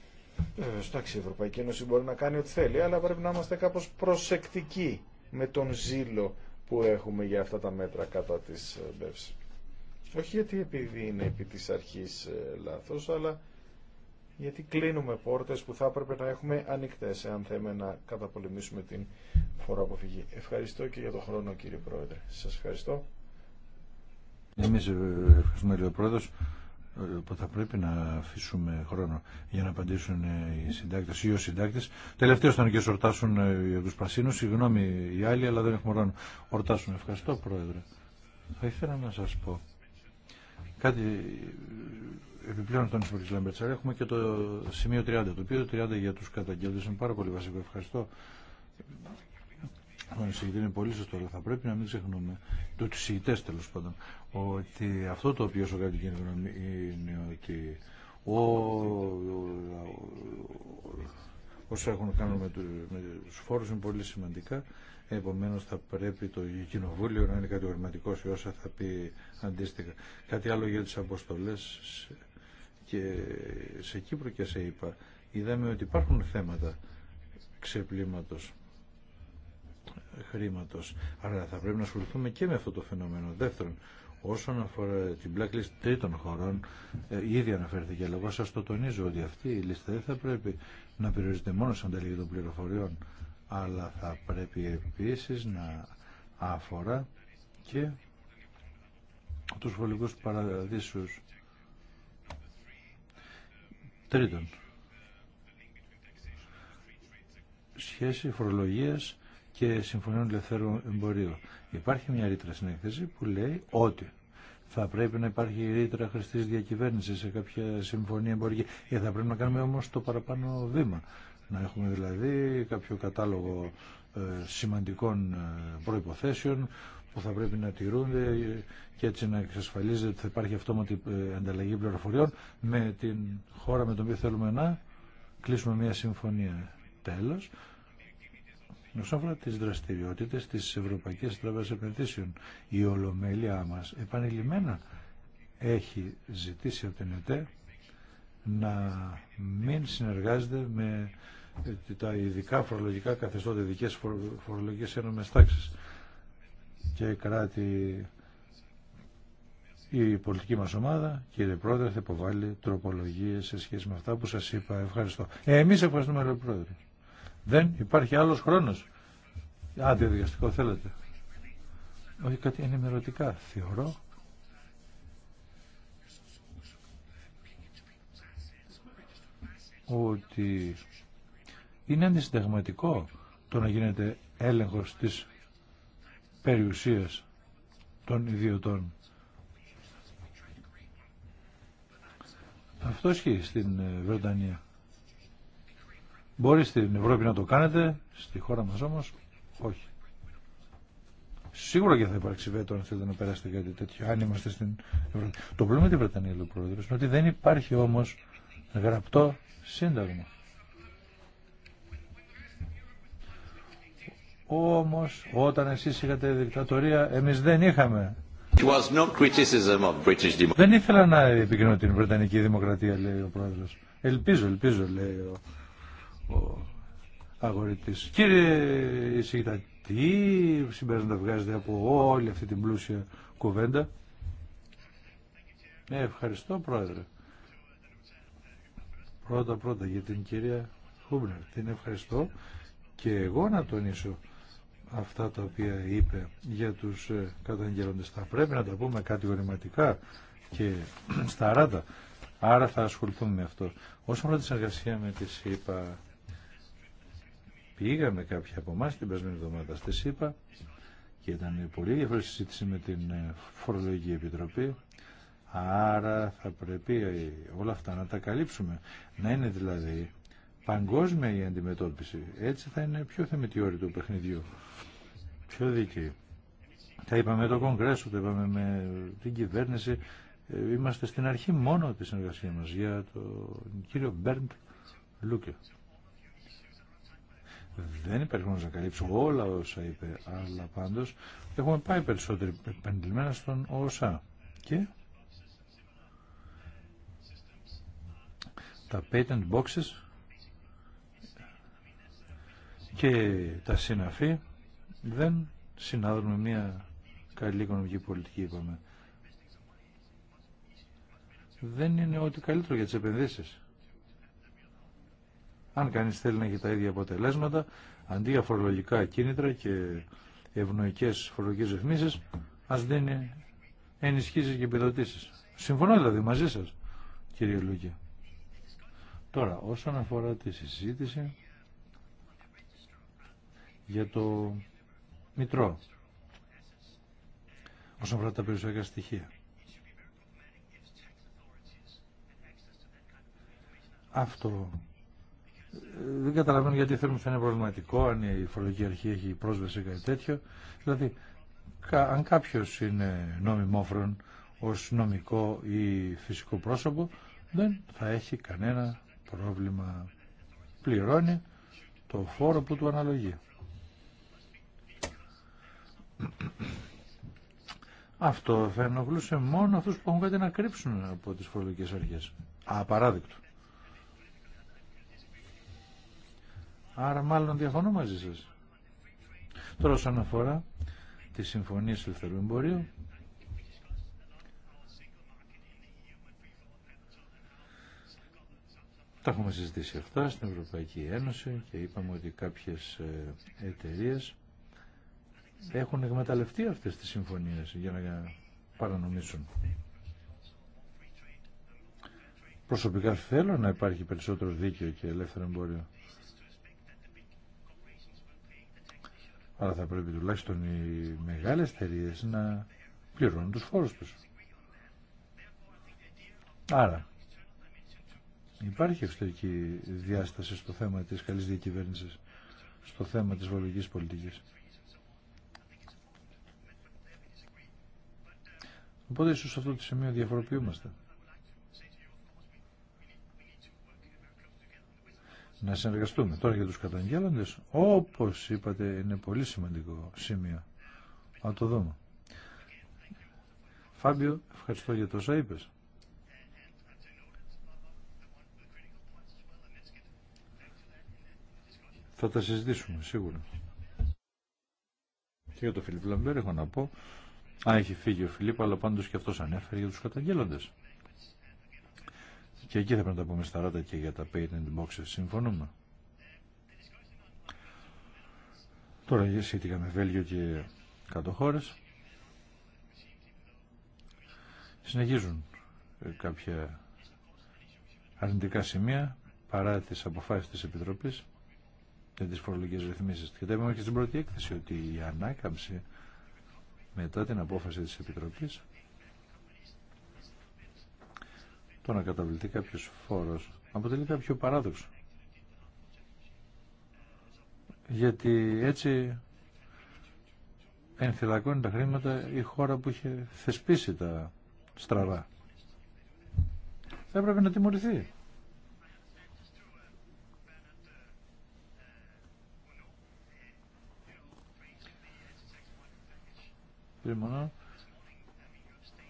Βέβαια, εντάξει, η Ευρωπαϊκή Ένωση μπορεί να κάνει ό,τι θέλει, αλλά πρέπει να είμαστε κάπως προσεκτικοί με τον ζήλο που έχουμε για αυτά τα μέτρα κατά της BEPS. Ε, Όχι γιατί επειδή είναι επί της αρχής ε, λάθος, αλλά γιατί κλείνουμε πόρτες που θα έπρεπε να έχουμε ανοιχτές, εάν θέμε να καταπολεμήσουμε την φοροαποφυγή. Ευχαριστώ και για τον χρόνο κύριε Πρόεδρε. Σας ευχαριστώ. Εμείς ε, ευχαριστούμε κύριε Πρόεδρος που θα πρέπει να αφήσουμε χρόνο για να απαντήσουν οι συντάκτε ή ο συντάκτη. Τελευταίο ήταν και σορτάσουν ε, για του Πρασίνου. Συγγνώμη οι άλλοι, αλλά δεν έχουμε χρόνο. Ορτάσουν. Ευχαριστώ, Πρόεδρε. Θα ήθελα να σα πω κάτι ε, επιπλέον των Ισπανική Λαμπετσάρη. Έχουμε και το σημείο 30, το οποίο 30 για του καταγγέλτε είναι πάρα πολύ βασικό. Ευχαριστώ είναι πολύ σωστό, αλλά θα πρέπει να μην ξεχνούμε, του εισηγητέ τέλο πάντων, ότι αυτό το οποίο σου κάνει την γνώμη είναι ότι όσα έχουν κάνει με του φόρου είναι πολύ σημαντικά. Επομένω, θα πρέπει το κοινοβούλιο να είναι κατηγορηματικό σε όσα θα πει αντίστοιχα. Κάτι άλλο για τι αποστολέ και σε Κύπρο και σε είπα. Είδαμε ότι υπάρχουν θέματα ξεπλήματος χρήματος. Άρα θα πρέπει να ασχοληθούμε και με αυτό το φαινόμενο. Δεύτερον, όσον αφορά την blacklist τρίτων χωρών, ε, ήδη αναφέρθηκε, αλλά εγώ σας το τονίζω ότι αυτή η λίστα δεν θα πρέπει να περιορίζεται μόνο σε ανταλλαγή των πληροφοριών, αλλά θα πρέπει επίσης να αφορά και τους φορολογικούς παραδείσους. Τρίτον, σχέση φορολογίας και συμφωνίων ελευθέρου εμπορίου. Υπάρχει μια ρήτρα στην που λέει ότι θα πρέπει να υπάρχει ρήτρα χρηστή διακυβέρνηση σε κάποια συμφωνία εμπορική. Ε, θα πρέπει να κάνουμε όμω το παραπάνω βήμα. Να έχουμε δηλαδή κάποιο κατάλογο ε, σημαντικών ε, προϋποθέσεων που θα πρέπει να τηρούνται και έτσι να εξασφαλίζεται ότι θα υπάρχει αυτόματη ε, ανταλλαγή πληροφοριών με την χώρα με την οποία θέλουμε να κλείσουμε μια συμφωνία. Τέλος, Όσον αφορά τι δραστηριότητε τη Ευρωπαϊκή Τράπεζα Επενδύσεων, η ολομέλειά μα επανειλημμένα έχει ζητήσει από την ΕΤΕ να μην συνεργάζεται με τα ειδικά φορολογικά καθεστώτα, ειδικέ φορολογικέ ένομε τάξει και κράτη. Η πολιτική μας ομάδα, κύριε Πρόεδρε, θα υποβάλει τροπολογίες σε σχέση με αυτά που σας είπα. Ευχαριστώ. Εμεί εμείς ευχαριστούμε, κύριε Πρόεδρε. Δεν υπάρχει άλλος χρόνος. Άντε, θέλετε. Όχι κάτι ενημερωτικά, θεωρώ. Ότι είναι αντισυνταγματικό το να γίνεται έλεγχος της περιουσίας των ιδιωτών. Αυτό ισχύει στην ε, Βρετανία. Μπορεί στην Ευρώπη να το κάνετε, στη χώρα μας όμως όχι. Σίγουρα και θα υπάρξει βέτο αν θέλετε να περάσετε κάτι τέτοιο, αν είμαστε στην Ευρώπη. Το πρόβλημα με τη Βρετανία, λέει ο Πρόεδρος, είναι ότι δεν υπάρχει όμως γραπτό σύνταγμα. Όμως όταν εσείς είχατε δικτατορία, εμείς δεν είχαμε. δεν ήθελα να επικρίνω την Βρετανική Δημοκρατία, λέει ο Πρόεδρος. Ελπίζω, ελπίζω, λέει ο ο αγορητής. Κύριε Ισηγητά, τι συμπέρασμα βγάζετε από όλη αυτή την πλούσια κουβέντα. Ναι, ευχαριστώ πρόεδρε. Πρώτα πρώτα για την κυρία Χούμπνερ. Την ευχαριστώ και εγώ να τονίσω αυτά τα οποία είπε για τους ε, καταγγέλλοντες. Θα πρέπει να τα πούμε κατηγορηματικά και στα ράτα. Άρα θα ασχοληθούμε με αυτό. Όσον αφορά τη συνεργασία με τη ΣΥΠΑ, Πήγαμε κάποιοι από εμά την περασμένη εβδομάδα στη ΣΥΠΑ και ήταν πολύ ενδιαφέρουσα συζήτηση με την ε, Φορολογική Επιτροπή. Άρα θα πρέπει ε, όλα αυτά να τα καλύψουμε. Να είναι δηλαδή παγκόσμια η αντιμετώπιση. Έτσι θα είναι πιο θεμητιόρη του παιχνιδιού. Πιο δίκαιη. Τα είπαμε το Κογκρέσο, τα είπαμε με την κυβέρνηση. Ε, είμαστε στην αρχή μόνο τη συνεργασία μα για τον κύριο Μπέρντ Λούκε. Δεν υπάρχει να καλύψω όλα όσα είπε, αλλά πάντως έχουμε πάει περισσότερο επενδυμένα στον ΩΣΑ. Και τα patent boxes και τα συναφή δεν συνάδουν με μια καλή οικονομική πολιτική, είπαμε. Δεν είναι ό,τι καλύτερο για τις επενδύσεις. Αν κανείς θέλει να έχει τα ίδια αποτελέσματα, αντί για φορολογικά κίνητρα και ευνοϊκές φορολογικές ρυθμίσεις, ας δίνει ενισχύσεις και επιδοτήσεις. Συμφωνώ δηλαδή μαζί σας, κύριε Λούκη. Τώρα, όσον αφορά τη συζήτηση για το Μητρό, όσον αφορά τα περισσότερα στοιχεία. Αυτό δεν καταλαβαίνω γιατί θέλουμε να είναι προβληματικό αν η φορολογική αρχή έχει πρόσβαση σε κάτι τέτοιο. Δηλαδή, αν κάποιο είναι νομιμόφρον ω νομικό ή φυσικό πρόσωπο, δεν θα έχει κανένα πρόβλημα. Πληρώνει το φόρο που του αναλογεί. Αυτό θα ενοχλούσε μόνο αυτούς που έχουν κάτι να κρύψουν από τις φορολογικές αρχές. Απαράδεκτο. Άρα μάλλον διαφωνώ μαζί σας. Τώρα όσον αφορά τη Συμφωνία Ελευθερού Εμπορίου, τα έχουμε συζητήσει αυτά στην Ευρωπαϊκή Ένωση και είπαμε ότι κάποιες ε, εταιρείε έχουν εκμεταλλευτεί αυτές τις συμφωνίες για να παρανομήσουν. Προσωπικά θέλω να υπάρχει περισσότερο δίκαιο και ελεύθερο εμπόριο. Αλλά θα πρέπει τουλάχιστον οι μεγάλες εταιρείε να πληρώνουν τους φόρους τους. Άρα, υπάρχει εξωτερική διάσταση στο θέμα της καλής διακυβέρνησης, στο θέμα της βολογικής πολιτικής. Οπότε ίσως σε αυτό το σημείο διαφοροποιούμαστε. να συνεργαστούμε. Τώρα για τους καταγγέλλοντες, όπως είπατε, είναι πολύ σημαντικό σημείο. Να το δούμε. Φάμπιο, ευχαριστώ για τόσα είπες. Θα τα συζητήσουμε, σίγουρα. Και για τον Φιλιπ Λαμπέρ έχω να πω, α, έχει φύγει ο Φιλίπ, αλλά πάντως και αυτός ανέφερε για τους καταγγέλλοντες. Και εκεί θα πρέπει να τα πούμε σταράτα και για τα patent boxes. Συμφωνούμε. Τώρα σχετικά με Βέλγιο και κάτω χώρες. Συνεχίζουν ε, κάποια αρνητικά σημεία παρά τις αποφάσεις της Επιτροπής για τις φορολογικές ρυθμίσεις. Και τα είπαμε και στην πρώτη έκθεση ότι η ανάκαμψη μετά την απόφαση της Επιτροπής το να καταβληθεί κάποιος φόρος αποτελεί κάποιο παράδοξο. Γιατί έτσι ενθυλακώνει τα χρήματα η χώρα που είχε θεσπίσει τα στραβά. Θα έπρεπε να τιμωρηθεί. Πριν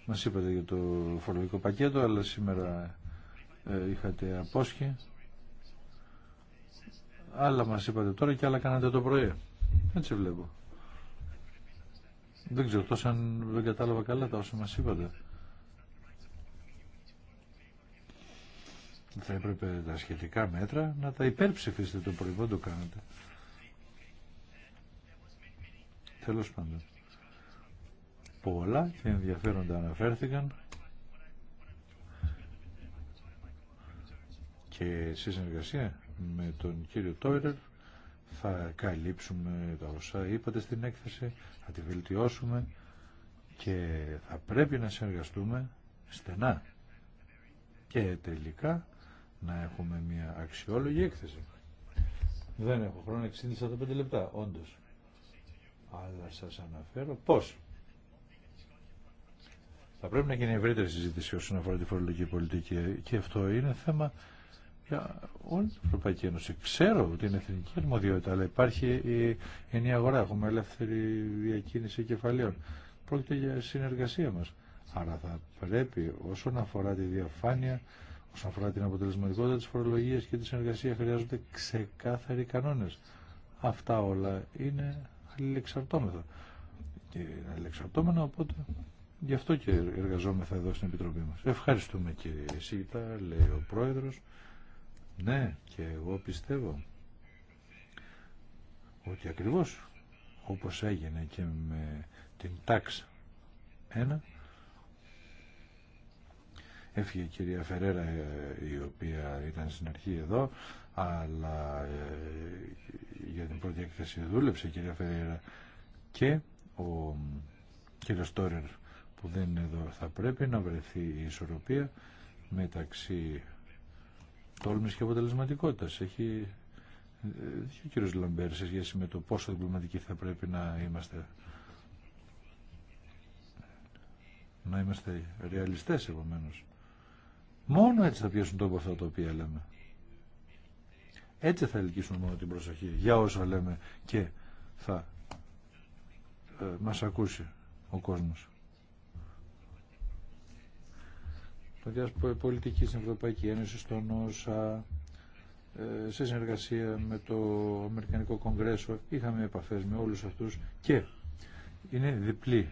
μας είπατε για το φορολογικό πακέτο, αλλά σήμερα ε, είχατε απόσχη. Άλλα μας είπατε τώρα και άλλα κάνατε το πρωί. Έτσι βλέπω. Δεν ξέρω, τόσο αν δεν κατάλαβα καλά τα όσα μας είπατε. Θα έπρεπε τα σχετικά μέτρα να τα υπερψηφίσετε το πρωί, δεν το κάνετε. Τέλος πάντων πολλά και ενδιαφέροντα αναφέρθηκαν και σε συνεργασία με τον κύριο Τόιρερ θα καλύψουμε τα όσα είπατε στην έκθεση, θα τη βελτιώσουμε και θα πρέπει να συνεργαστούμε στενά και τελικά να έχουμε μια αξιόλογη έκθεση. Δεν έχω τα 5 λεπτά, όντως. Αλλά σας αναφέρω πώς. Θα πρέπει να γίνει ευρύτερη συζήτηση όσον αφορά τη φορολογική πολιτική και αυτό είναι θέμα για όλη την Ευρωπαϊκή Ένωση. Ξέρω ότι είναι εθνική αρμοδιότητα, αλλά υπάρχει η ενιαία αγορά. Έχουμε ελεύθερη διακίνηση κεφαλαίων. Πρόκειται για συνεργασία μα. Άρα θα πρέπει όσον αφορά τη διαφάνεια, όσον αφορά την αποτελεσματικότητα τη φορολογία και τη συνεργασία χρειάζονται ξεκάθαροι κανόνε. Αυτά όλα είναι και Είναι αλληλεξαρτώμενα οπότε Γι' αυτό και εργαζόμεθα εδώ στην Επιτροπή μας. Ευχαριστούμε κύριε Σίγητα, λέει ο Πρόεδρος. Ναι, και εγώ πιστεύω ότι ακριβώς όπως έγινε και με την τάξη ένα έφυγε η κυρία Φερέρα ε, η οποία ήταν στην αρχή εδώ, αλλά ε, για την πρώτη έκθεση δούλεψε η κυρία Φερέρα και ο κύριος Τόρερ που δεν είναι εδώ. Θα πρέπει να βρεθεί η ισορροπία μεταξύ τόλμης και αποτελεσματικότητας. Έχει ε, ο κύριος Λαμπέρ σε σχέση με το πόσο διπλωματικοί θα πρέπει να είμαστε. Να είμαστε ρεαλιστές επομένω. Μόνο έτσι θα πιάσουν τόπο αυτά τα οποία λέμε. Έτσι θα ελκύσουν μόνο την προσοχή για όσα λέμε και θα ε, μας ακούσει ο κόσμος. Πλατείας πολιτική στην Ευρωπαϊκή Ένωση, στον ΩΣΑ, ε, σε συνεργασία με το Αμερικανικό Κογκρέσο, είχαμε επαφές με όλους αυτούς και είναι διπλή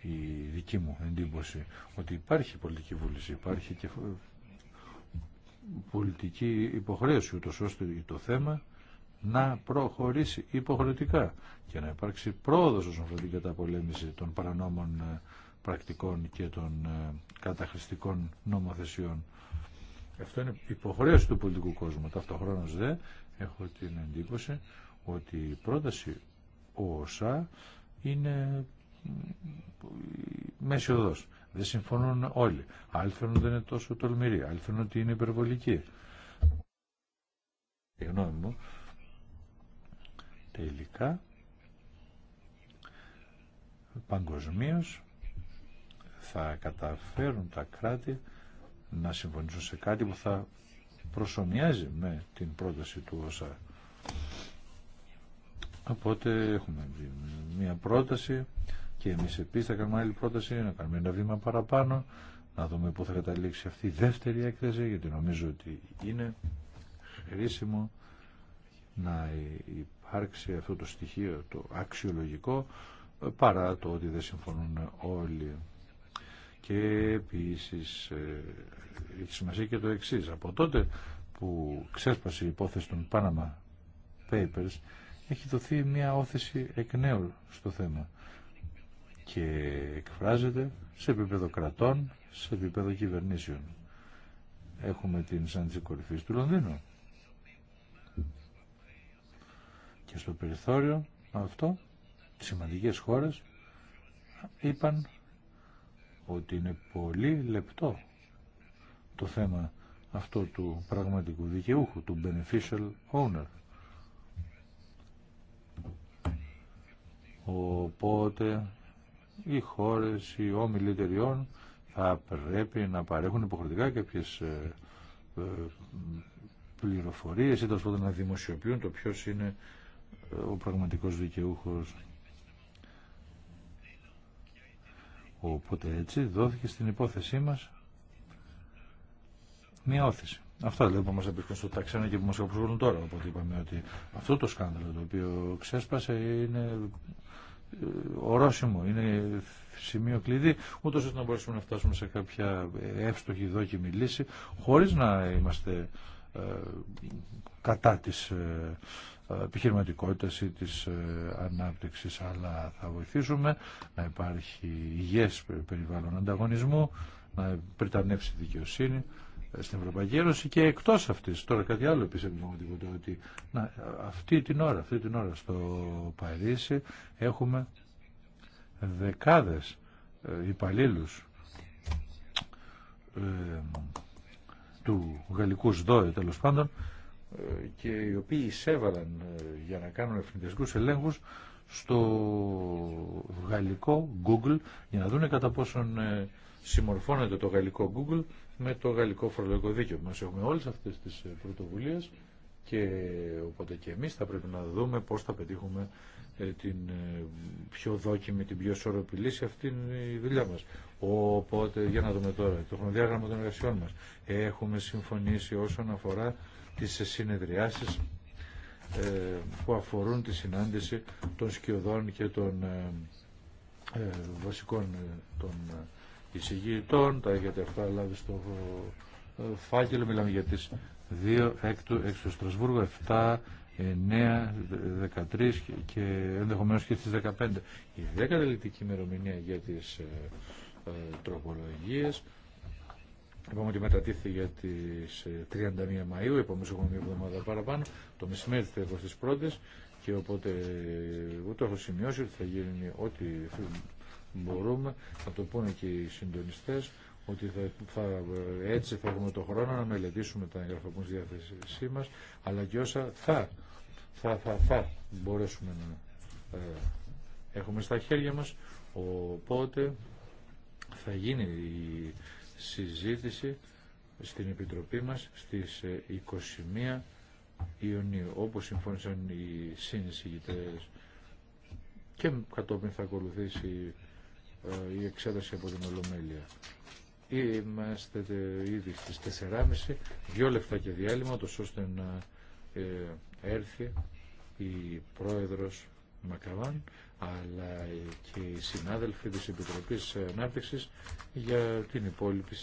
η δική μου εντύπωση ότι υπάρχει πολιτική βούληση, υπάρχει και πολιτική υποχρέωση ούτως ώστε το θέμα να προχωρήσει υποχρεωτικά και να υπάρξει πρόοδος όσον αφορά την καταπολέμηση των παρανόμων ε, πρακτικών και των ε, καταχρηστικών νομοθεσιών. Αυτό είναι υποχρέωση του πολιτικού κόσμου. Ταυτοχρόνως δε έχω την εντύπωση ότι η πρόταση ΟΣΑ είναι μέση οδός. Δεν συμφωνούν όλοι. Άλλοι θέλουν ότι είναι τόσο τολμηροί, άλλοι θέλουν ότι είναι υπερβολική. Η τελικά, παγκοσμίω θα καταφέρουν τα κράτη να συμφωνήσουν σε κάτι που θα προσωμιάζει με την πρόταση του ΩΣΑ. Οπότε έχουμε μια πρόταση και εμείς επίσης θα κάνουμε άλλη πρόταση, να κάνουμε ένα βήμα παραπάνω, να δούμε πού θα καταλήξει αυτή η δεύτερη έκθεση, γιατί νομίζω ότι είναι χρήσιμο να υπάρξει αυτό το στοιχείο, το αξιολογικό, παρά το ότι δεν συμφωνούν όλοι. Και επίση ε, έχει σημασία και το εξή Από τότε που ξέσπασε η υπόθεση των Panama Papers έχει δοθεί μια όθηση εκ νέου στο θέμα και εκφράζεται σε επίπεδο κρατών, σε επίπεδο κυβερνήσεων. Έχουμε την Σάντζη Κορυφή του Λονδίνου. Και στο περιθώριο αυτό, σημαντικές χώρες είπαν ότι είναι πολύ λεπτό το θέμα αυτό του πραγματικού δικαιούχου, του beneficial owner. Οπότε οι χώρες, οι όμιλοι εταιριών θα πρέπει να παρέχουν υποχρεωτικά κάποιες ε, ε, πληροφορίες ή να δημοσιοποιούν το ποιος είναι ε, ο πραγματικός δικαιούχος Οπότε έτσι δόθηκε στην υπόθεσή μας μια όθηση. Αυτά λέω που μας απειλούν στο ταξένα και που μας απασχολούν τώρα. Οπότε είπαμε ότι αυτό το σκάνδαλο το οποίο ξέσπασε είναι ε, ορόσημο, είναι σημείο κλειδί, ούτως ώστε να μπορέσουμε να φτάσουμε σε κάποια εύστοχη δόκιμη λύση, χωρίς να είμαστε ε, κατά της ε, επιχειρηματικότητας ή της ε, ανάπτυξης, αλλά θα βοηθήσουμε να υπάρχει υγιές περιβάλλον ανταγωνισμού, να την δικαιοσύνη ε, στην Ευρωπαϊκή Ένωση και εκτός αυτής. Τώρα κάτι άλλο επίσης ότι αυτή την ώρα, αυτή την ώρα στο Παρίσι έχουμε δεκάδες ε, υπαλλήλους του γαλλικού ΣΔΟΕ τέλος πάντων και οι οποίοι εισέβαλαν ε, για να κάνουν ευθυντικούς ελέγχους στο γαλλικό Google για να δούνε κατά πόσον ε, συμμορφώνεται το γαλλικό Google με το γαλλικό φορολογικό δίκαιο. Μας έχουμε όλες αυτές τις ε, πρωτοβουλίες και οπότε και εμείς θα πρέπει να δούμε πώς θα πετύχουμε την πιο δόκιμη, την πιο σωροπή λύση αυτή είναι η δουλειά μας. Οπότε για να δούμε τώρα το χρονοδιάγραμμα των εργασιών μας. Έχουμε συμφωνήσει όσον αφορά τις συνεδριάσεις ε, που αφορούν τη συνάντηση των σκιωδών και των ε, ε, βασικών των εισηγητών. Τα έχετε αυτά λάβει στο φάκελο. Μιλάμε για τις 2 έκτου έξω στο Στρασβούργο, 7, 9, 13 και ενδεχομένως και στις 15. Η δεκαταληκτική ημερομηνία για τις τροπολογίες Είπαμε μετατίθεται για τι 31 Μαου επομένω έχουμε μια εβδομάδα παραπάνω, το μεσημέρι θα έχω στις πρώτες και οπότε εγώ το έχω σημειώσει ότι θα γίνει ό,τι μπορούμε, θα το πούνε και οι συντονιστέ, ότι θα, ε, έτσι θα έχουμε το χρόνο να μελετήσουμε τα έγγραφα που διάθεσή μας, αλλά και όσα θα, θα, θα, θα μπορέσουμε να ε, έχουμε στα χέρια μα. οπότε θα γίνει η συζήτηση στην Επιτροπή μας στις 21 ε, Ιουνίου, όπως συμφώνησαν οι συνεισηγητές και κατόπιν θα ακολουθήσει ε, η εξέταση από την Ολομέλεια. Είμαστε ήδη στις 4.30, δύο λεπτά και διάλειμμα, ώστε να ε, έρθει η πρόεδρος Μακαβάν αλλά και οι συνάδελφοι της Επιτροπής Ανάπτυξης για την υπόλοιπη